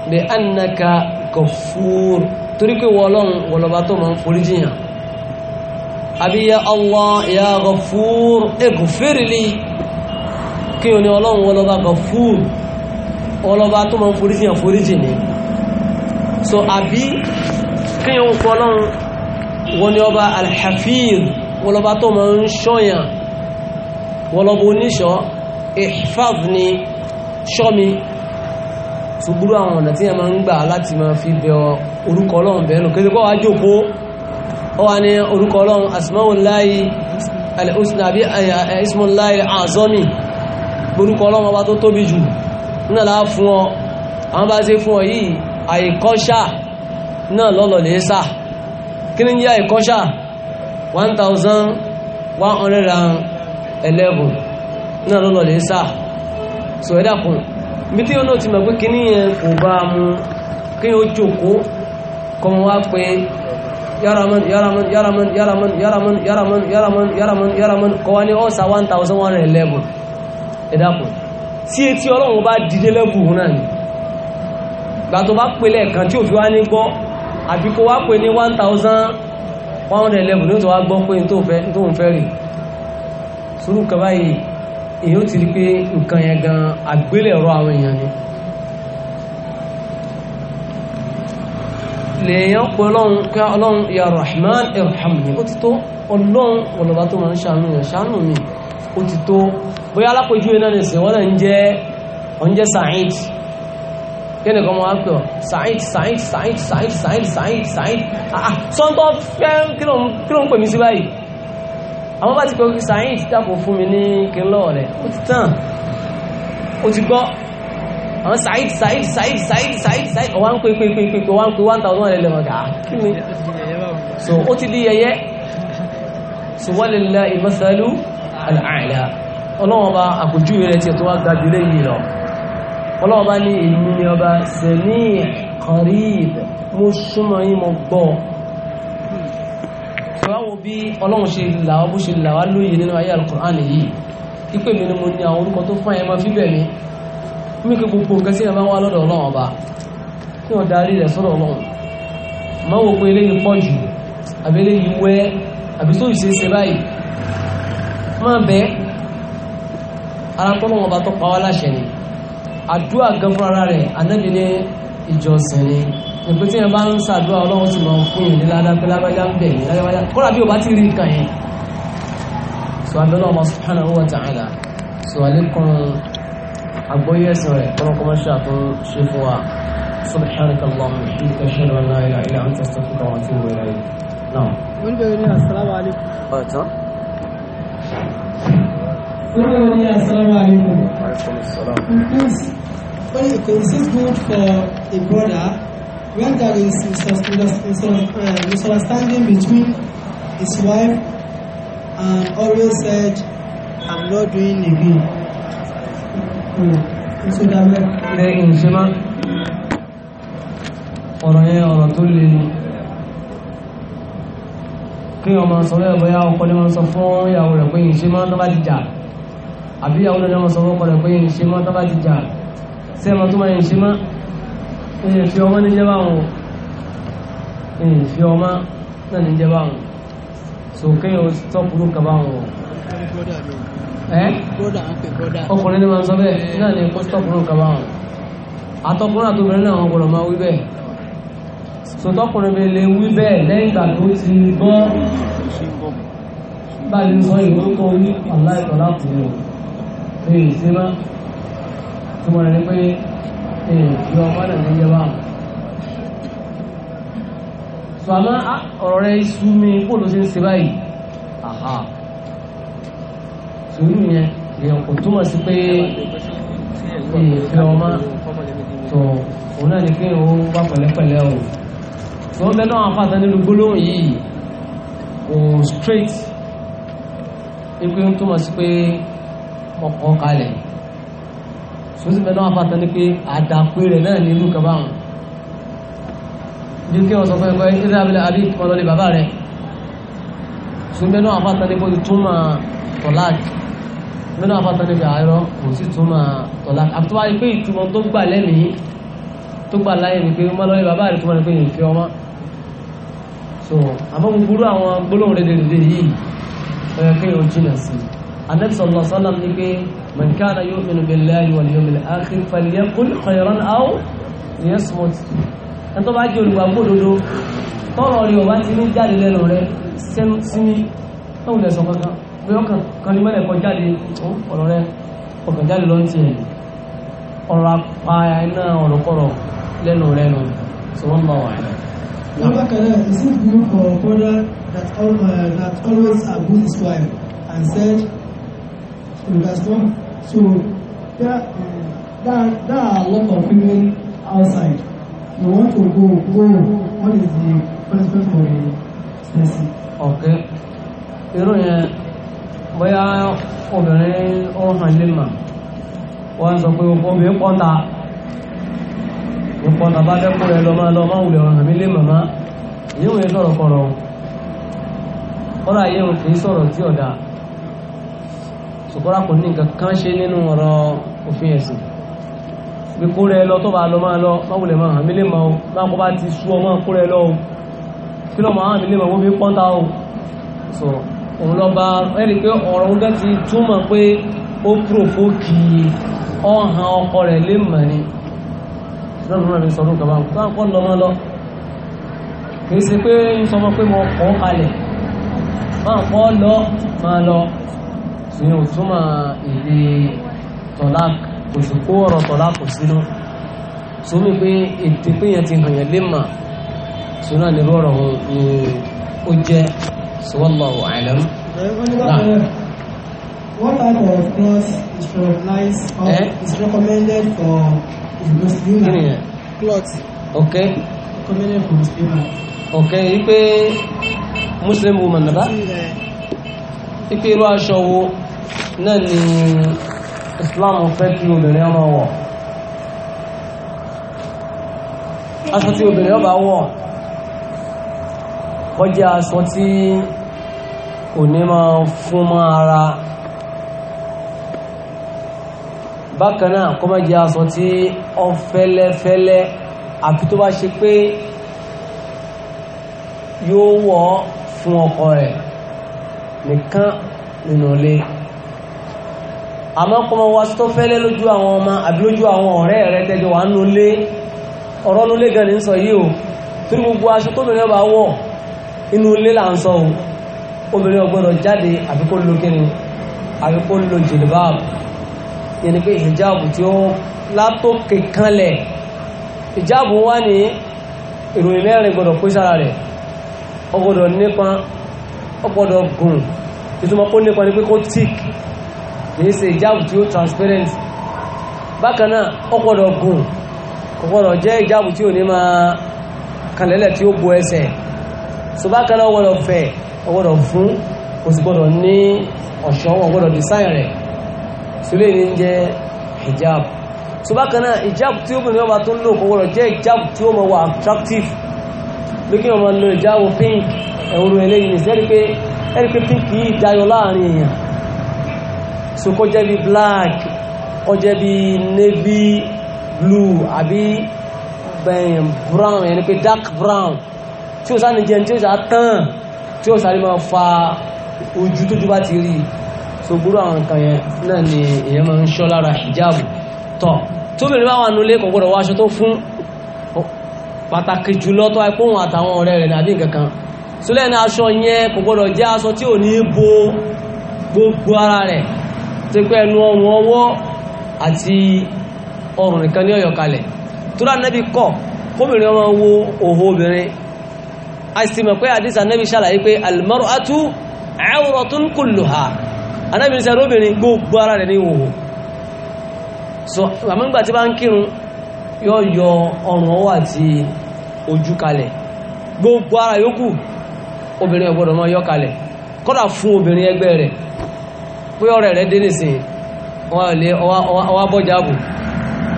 bí annaka gafur torí pé wọ́n ọlọ́run wọ̀lọ́ba tó máa ń foríjì yàn àbí ya Allah ya gafur eghfirli kí wọ́n ní ọlọ́run wọ̀lọ́ba gafur ọlọ́ba tó máa ń foríjì yàn foríjì ni so àbí kíyàn ń pọ́lọ́run wọ́n ni ọba alhafiz wọ́lọ́ba tó ma ń ṣọ́yàn wọ́lọ́ba oníṣọ́ ihfaz ni ṣọ́mi ṣùgbúrú àwọn ọ̀nà tí yẹn ma ń gbà láti ma fi bẹ orúkọ ọlọ́run bẹ̀rẹ̀ kí ó wá jòkó ó wá ní orúkọ ọlọ́run asmaullahi al-husna àbí eh, eh, ismullahi al-azami orúkọ ọlọ́run ọba tó tóbi jù nílá fún ọ àwọn bá ṣe fún ọ yìí àìkọ́ṣà náà lọ́lọ̀ lè sà kí ní yá ìkọ́ṣà 1111 náà lọ́lọ̀ lè sà so ẹ́dàkùn bí tí yóò náà ti mọ̀ pé kí ní yẹn kò bá mú kí yóò jòkó kọmọ wá pé yáramán yáramán yáramán yáramán yáramán yáramán yáramán yáramán yáramán kọwa ní ọ́sà 1111 ẹ̀dàkùn tí etí ọlọ́run bá dìde lẹ́bù náà ni gbà tó bá pèlẹ̀ kan tí ò fi wá ní gbọ́ àbí kó wá pè ní 1111 ní ó tó wá gbọ́ pé tó ń fẹ́ rí sùúrù kaba yìí èyí ó ti rí pé nǹkan yẹn gan àgbélẹ̀rọ àwọn èèyàn ni lèèyàn pé ọlọ́run pé ọlọ́run ya rahman irhamni ó ti tó ọlọ́run ọlọ́ba tó máa ń ṣàánú yẹn ṣàánú mi ó ti tó bóyá alápèjúwe náà nìsín wọ́n náà ń jẹ́ Sa'id kíni kan wọ́n á pè ọ́ Saheed Saheed Saheed Saheed Saheed Saheed Saheed ah sọ́ńtọ́ fẹ́ kí ló ń pè mí sí báyìí àwọn bá ti pẹ́ Saheed dàpọ̀ fún mi ní kínlọ́ rẹ̀ ó ti tàn ó ti gbọ́ àwọn Saheed Saheed Saheed Saheed Saheed Saheed ọ̀wá ń pè pè pè pè ọ̀wá ń pè one thousand rẹ̀ lẹ́wọ̀n gà kí so ó ti di yẹyẹ so walillahi masalu al-a'la ọlọ́wọ́n bá àpòjú rẹ̀ tiẹ̀ tó wá ga jù lọ ọlọ́run bá ní èmi ni ọba sẹ̀mí qarib mo súnmọ́ yín mo gbọ́ ṣọ́wọ́ bí ọlọ́run ṣe làwọ́ bó ṣe làwá lóye nínú ayé alukur'an yìí ipò mi ni mo ní àwọn orúkọ tó fún àyẹ̀mọ́ fíbẹ̀ mi mí kí gbogbo nǹkan sí ẹ̀ máa ń wá lọ́dọ̀ ọlọ́run ọba àdúrà gan fún ara rẹ̀ anábì ní ìjọsìn ni nípa tí yẹn bá ń sàdúrà ọlọ́run sì máa ń fún yẹn ní ládàpẹ́ lágbájá ń bẹ̀ yẹn lágbájá kọ́ra bí o bá ti rí nǹkan yẹn sọ abẹ́lẹ́ ọmọ subhanahu wa ta'ala sọ alẹ́kùn agbóyè ẹ̀sìn rẹ̀ kọ́nàkọ́mọ́ṣà tó ṣe fún wa subhanakallahumma wa bihamdika ashhadu an la ilaha illa anta astaghfiruka wa atubu ilayk náà. wọ́n bẹ̀rẹ̀ ní assalamu alaikum. ọ̀tọ́. Hello, assalamu alaikum. it is good for a brother when there is misunderstanding between his wife and always said, I'm not doing again. Hmm. lẹ́yìn ìṣẹ́má ọ̀rọ̀ yẹn ọ̀rọ̀ tó lè kí ọmọ sọ bẹ́ẹ̀ bóyá ọkọ ní wọ́n sọ fún ìyàwó rẹ̀ pé ìṣẹ́má tó ti jà àbí àwọn ọ̀nà wọn sọ fọ́kọ rẹ̀ pé yìí ń ṣe mọ́ tábà ti jà sí ẹ̀mọ́ tó máa yìí ń ṣe mọ́ yìí fi ọmọ níjẹ́ báwọn yìí fi ọmọ náà níjẹ́ báwọn so kéèyàn tọ́kùrú kaba wọn. ẹ ọkùnrin ni máa ń sọ bẹ́ẹ̀ náà ni kó tọ́kùrú kaba wọn àtọkùnrin àtọkùnrin náà wọn gbọ́dọ̀ máa wí bẹ́ẹ̀ sọtọkùnrin mi lè wí bẹ́ẹ̀ lẹ́yìn ìgbà tó ti gbọ́ báyìí sọ ìwé kọ wí aláìkọlá kùnú ní ìsinmi tó mọ̀ ní pé ìjọ ọmọ náà ní ìjọba sọ àmọ́ ọ̀rọ̀ rẹ̀ sú mi kó ló ṣe ń ṣe báyìí àhà sùúrù yẹn èèyàn kò túmọ̀ sí pé ìfẹ́ ọmọ tó òun náà ní pé òun wà pẹ̀lẹ́pẹ̀lẹ́ o tí wọ́n straight ní pé ń túmọ̀ sí kọ́kọ́ kalẹ̀ sọ́sì bẹ́ẹ̀ náà fàtà ní pé àdàpé rẹ̀ náà ní irú kaba wọn bí kí wọ́n sọ fún ẹgbẹ́ ìdá abilẹ̀ àbí kan lọ lè bàbá rẹ̀ sọ́sì bẹ́ẹ̀ náà fàtà ní pé túmọ̀ tọ́láàkì bẹ́ẹ̀ náà fàtà ní pé àárọ̀ kò sí túmọ̀ tọ́láàkì àti so àmọ́ gbogbo àwọn gbólóhùn rẹ̀ dèdè yìí ẹ̀ kí wọ́n jìnà sí i النبي صلى الله عليه وسلم نبي من كان يؤمن بالله واليوم الآخر فليقل خيرا أو ليصمت ẹn tó bá jẹ́ olùwàgbódodo tọ́rọ̀ rí ọba ti ní jáde lẹ́nu rẹ̀ sẹ́nu sí ní tóun lẹ́sọ̀ kankan bí ọkàn kan ní mẹ́lẹ̀ kan jáde ọ̀rọ̀ rẹ̀ ọkàn jáde lọ́n ti ẹ̀ ọ̀rọ̀ apá iná ọ̀rọ̀kọ̀rọ̀ lẹ́nu rẹ̀ nù tí wọ́n bá wà rẹ̀. lọ́wọ́ kan náà is it good for a brother that always abuse his wife and said understand? So there, uh, there, there are a lot of women outside. You want to go, go. What is the punishment for the person? Okay. Irú yẹn bóyá obìnrin ó hàn lè mà wọ́n sọ pé obìnrin pọ́ta ìpọ́ta bá dẹ́kun rẹ̀ lọ́mọ lọ́mọ wùlẹ̀ ọ̀ràn mi lè màmá yíò yẹn sọ̀rọ̀ kọ̀rọ̀ kọ́ra yíò kì í sọ̀rọ̀ tí ọ̀dà sòkòrò kò ní nǹkan kan ṣe nínú ọ̀rọ̀ òfin ẹ̀sìn bí kóra ẹ lọ tó bá lọ máa lọ máwùlẹ̀ máa hàn mí lè máa o máa kó bá ti sú ọ máa kóra lọ o kí lọ máa hàn mí lè máa wọ́n fi pọ́ńtà o so òun lọ bá ẹni pé ọ̀rọ̀ oúnjẹ ti túmọ̀ pé ó pòfókì ọ̀hàn ọkọ rẹ̀ lè mọ̀ ni lọ́nà náà lè sọ fún kàbá kó àkọ́ lọ máa lọ kì í ṣe pé ń sọ fún pé mo kọ́ kalẹ̀ máa kọ́ lọ máa lọ ní òtúmọ̀ èdè tọ́lák kò sì kó ọ̀rọ̀ tọ́lák kò sínú sómi pé ètè pé yẹn ti hàn yẹn lé mà sóná ní bọ́ọ̀rọ̀ òun a'lam. What type of cloth is recognized or eh? is recommended for Muslim cloth? Okay. Recommended for Muslim. Okay, ipe Muslim woman naba? Ipe eh. irú aṣọ wo náà ni Islam fẹ́ kí obìnrin ọmọ wọ̀ aṣọ tí obìnrin ọba wọ̀ ó jẹ́ aṣọ tí kò ní máa fún mọ́ ara bákan náà kó jẹ́ aṣọ tí ó fẹ́lẹ́fẹ́lẹ́ àfi tó bá ṣe pé yóò wọ̀ fún ọkọ rẹ̀ nìkan nínú ilé àmọ́ kọmọ wa tó fẹ́lẹ́ lójú àwọn ọmọ àbí lójú àwọn ọ̀rẹ́ rẹ tẹ́jọ wà nù lé ọ̀rọ̀ nù lé gan ní sọ yìí o torí gbogbo aṣọ tóbìnrin bá wọ̀ inú ilé là ń sọ o obìnrin ò jáde àbí kó lo kíni àbí kó lo jìlìbáàbù yẹn ni pé ìjáàbù tí ó látòkè kanlẹ̀ ìjáàbù wà ní ìròyìn mẹ́rin gbọ́dọ̀ pé sára rẹ̀ ó gbọ́dọ̀ nípa ó gùn ìtumọ̀ kó nípa ni pé kó tíkì kìí ṣe ìjáàbù tí ó transparent bákan náà ó gbọ́dọ̀ gùn kò jẹ́ ìjáàbù tí ò ní tí ó so bákan náà fẹ̀ ó fún kò ní ọ̀ṣọ́ design rẹ̀ so lè ní jẹ́ ìjáàbù so bákan náà ìjáàbù tí obìnrin ọba tó lò kò jẹ́ ìjáàbù tí ó mọ̀ wà attractive bí kí wọ́n pink ẹ̀wọ̀n so kó jẹ́ bí black kó jẹ́ bí navy blue àbí bẹ̀yìn um, brown yẹn ni pé dark brown tí ó sáà ní jẹun tí ó sáà tán tí ó sáà lè máa fa ojú tójú bá ti rí so gbúrú àwọn nǹkan yẹn náà ni èèyàn máa ń ṣọ́ lára hijab tọ̀ tóbìnrin bá wà nulẹ̀ kò gbọ́dọ̀ wọ aṣọ tó fún pàtàkì jùlọ tó àìpóhùn àtàwọn ọ̀rẹ́ rẹ̀ nàbí nǹkan kan sílẹ̀ ní aṣọ yẹn kò gbọ́dọ̀ jẹ́ aṣọ tí ò ní bo gbogbo ara rẹ̀ tó pé ẹnu ọrùn ọwọ́ àti ọrùn nìkan ní ọ̀yọ̀ kalẹ̀ tó rà nẹ́bí kọ̀ kóbìnrin ọmọ wo òhò obìnrin a sì mọ̀ pé àdísà nẹ́bí ṣàlàyé pé al-mar'atu 'awratun kulluha ń kírun yóò yọ ọrùn ọwọ́ gbogbo ara yókù obìnrin ò pé ọ̀rẹ́ rẹ̀ dé nìsìn wọ́n lè ọwá bọ́jáàbù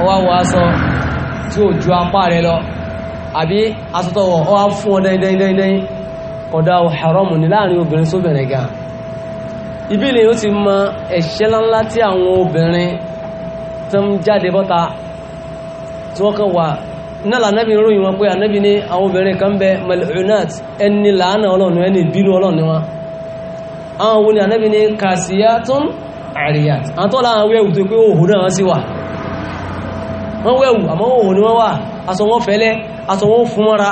ọwá wọ aṣọ tí ó ju apá rẹ̀ lọ àbí asọ́tọ̀wọ̀ ọwá fún ọ dẹ́ndẹ́ndẹ́ndẹ́n kọ̀dá haramu ní láàrin obìnrin sóbìnrin gan ibi lè ó ti mọ ẹ̀ṣẹ̀ ńláńlá tí àwọn obìnrin tó ń jáde bọ́ta tí wọ́n kàn wà nílà anábì ń ròyìn wọn pé anábì ní àwọn obìnrin kan bẹ mal'unat ẹni làánà ọlọ́run ẹni ìbínú ọlọ́run wọn àwọn wo ni ànábì ní kàṣíyàtún àríyàt àwọn tọ́lá àwọn wẹ́wù tó pé òhun náà sí wà wọ́n wẹ́wù àmọ́ òhun ni wọ́n wà aṣọ wọn fẹ́lẹ́ aṣọ wọn fún mọ́ra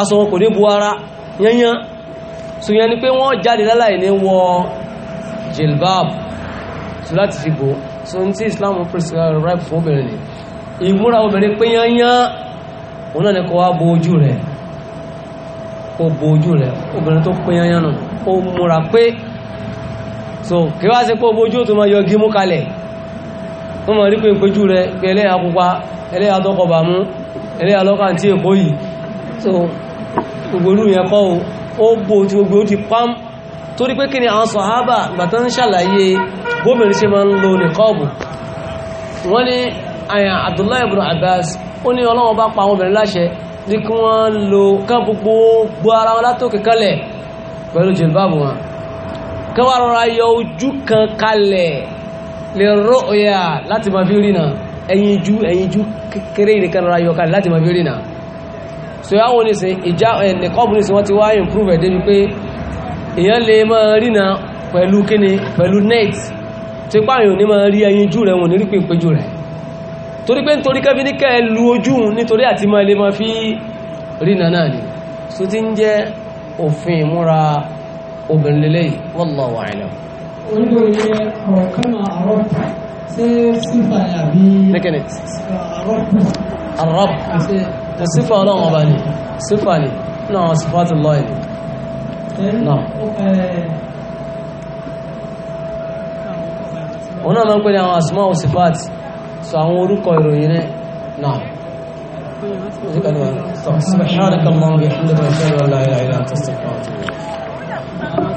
aṣọ wọn kò ní bu ara yányán so yẹn ni pé wọ́n jáde láláì ní wọ jilbab so láti fi Islam prescribe eh, fún obìnrin ni ìmúra obìnrin pé yányán òun náà ni kó bo ojú rẹ̀ obìnrin tó pín yányán nù ó múra pé so kí wá sí pé ojú tó máa yọ gímú kalẹ̀ wọ́n mọ̀ rí pé ìpéjú rẹ̀ pé ẹlẹ́yà pupa ẹlẹ́yà tọkọ̀bà mú ẹlẹ́yà lọ́kàntí èkó yìí so gbogbo orú yẹn kọ́ ó bo ti gbogbo ó ti pam torí pé kí ni àwọn sọ̀hábà gbàtán ṣàlàyé gómìnà ṣe máa ń lo nìkọ́ọ̀bù wọ́n ní àyàn Abdullahi ibn Abbas ó ní ọlọ́wọ́ bá pa àwọn obìnrin láṣẹ ní kí wọ́n lo kán gbogbo gbọ́ ara wọn látòkè kalẹ̀ pẹ̀lú jìlbáàbù wọn kán wà rọra yọ ojú kan kalẹ̀ lè rọ òyà láti máa fi rí ẹ̀yìn ijú ẹ̀yìn ijú kékeré ìrìnkan rọra yọ kalẹ̀ láti máa fi rí náà so àwọn oníṣẹ́ ìjà ẹ̀nìkọ́bù ní sí wọ́n ti wá improve ẹ̀ débi pé èèyàn lè máa rí náà pẹ̀lú kíni pẹ̀lú net tí pààyàn ní máa rí ẹ̀yìn ijú rẹ̀ wọn ní rí pé rẹ̀ torí pé nítorí kẹfí ní kẹ́ lu ojú nítorí àti máa lè máa fi rí nànà ni so ti ń jẹ́ òfin ìmúra obìnrin lélẹ́ yìí wallahu a'lam. onígbòye ọ̀rọ̀kánà àrọ́pù ṣé sífà àbí àrọ́pù. àrọ́pù ṣe sífà ọlọ́run ọba ni sífà ni náà sífà ti lọ́ọ̀ náà òun náà máa ń pè ní àwọn asma wa sifat sọ àwọn orúkọ ìròyìn rẹ̀ náà سبحانك اللهم وبحمدك اشهد ان لا اله الا انت استغفرك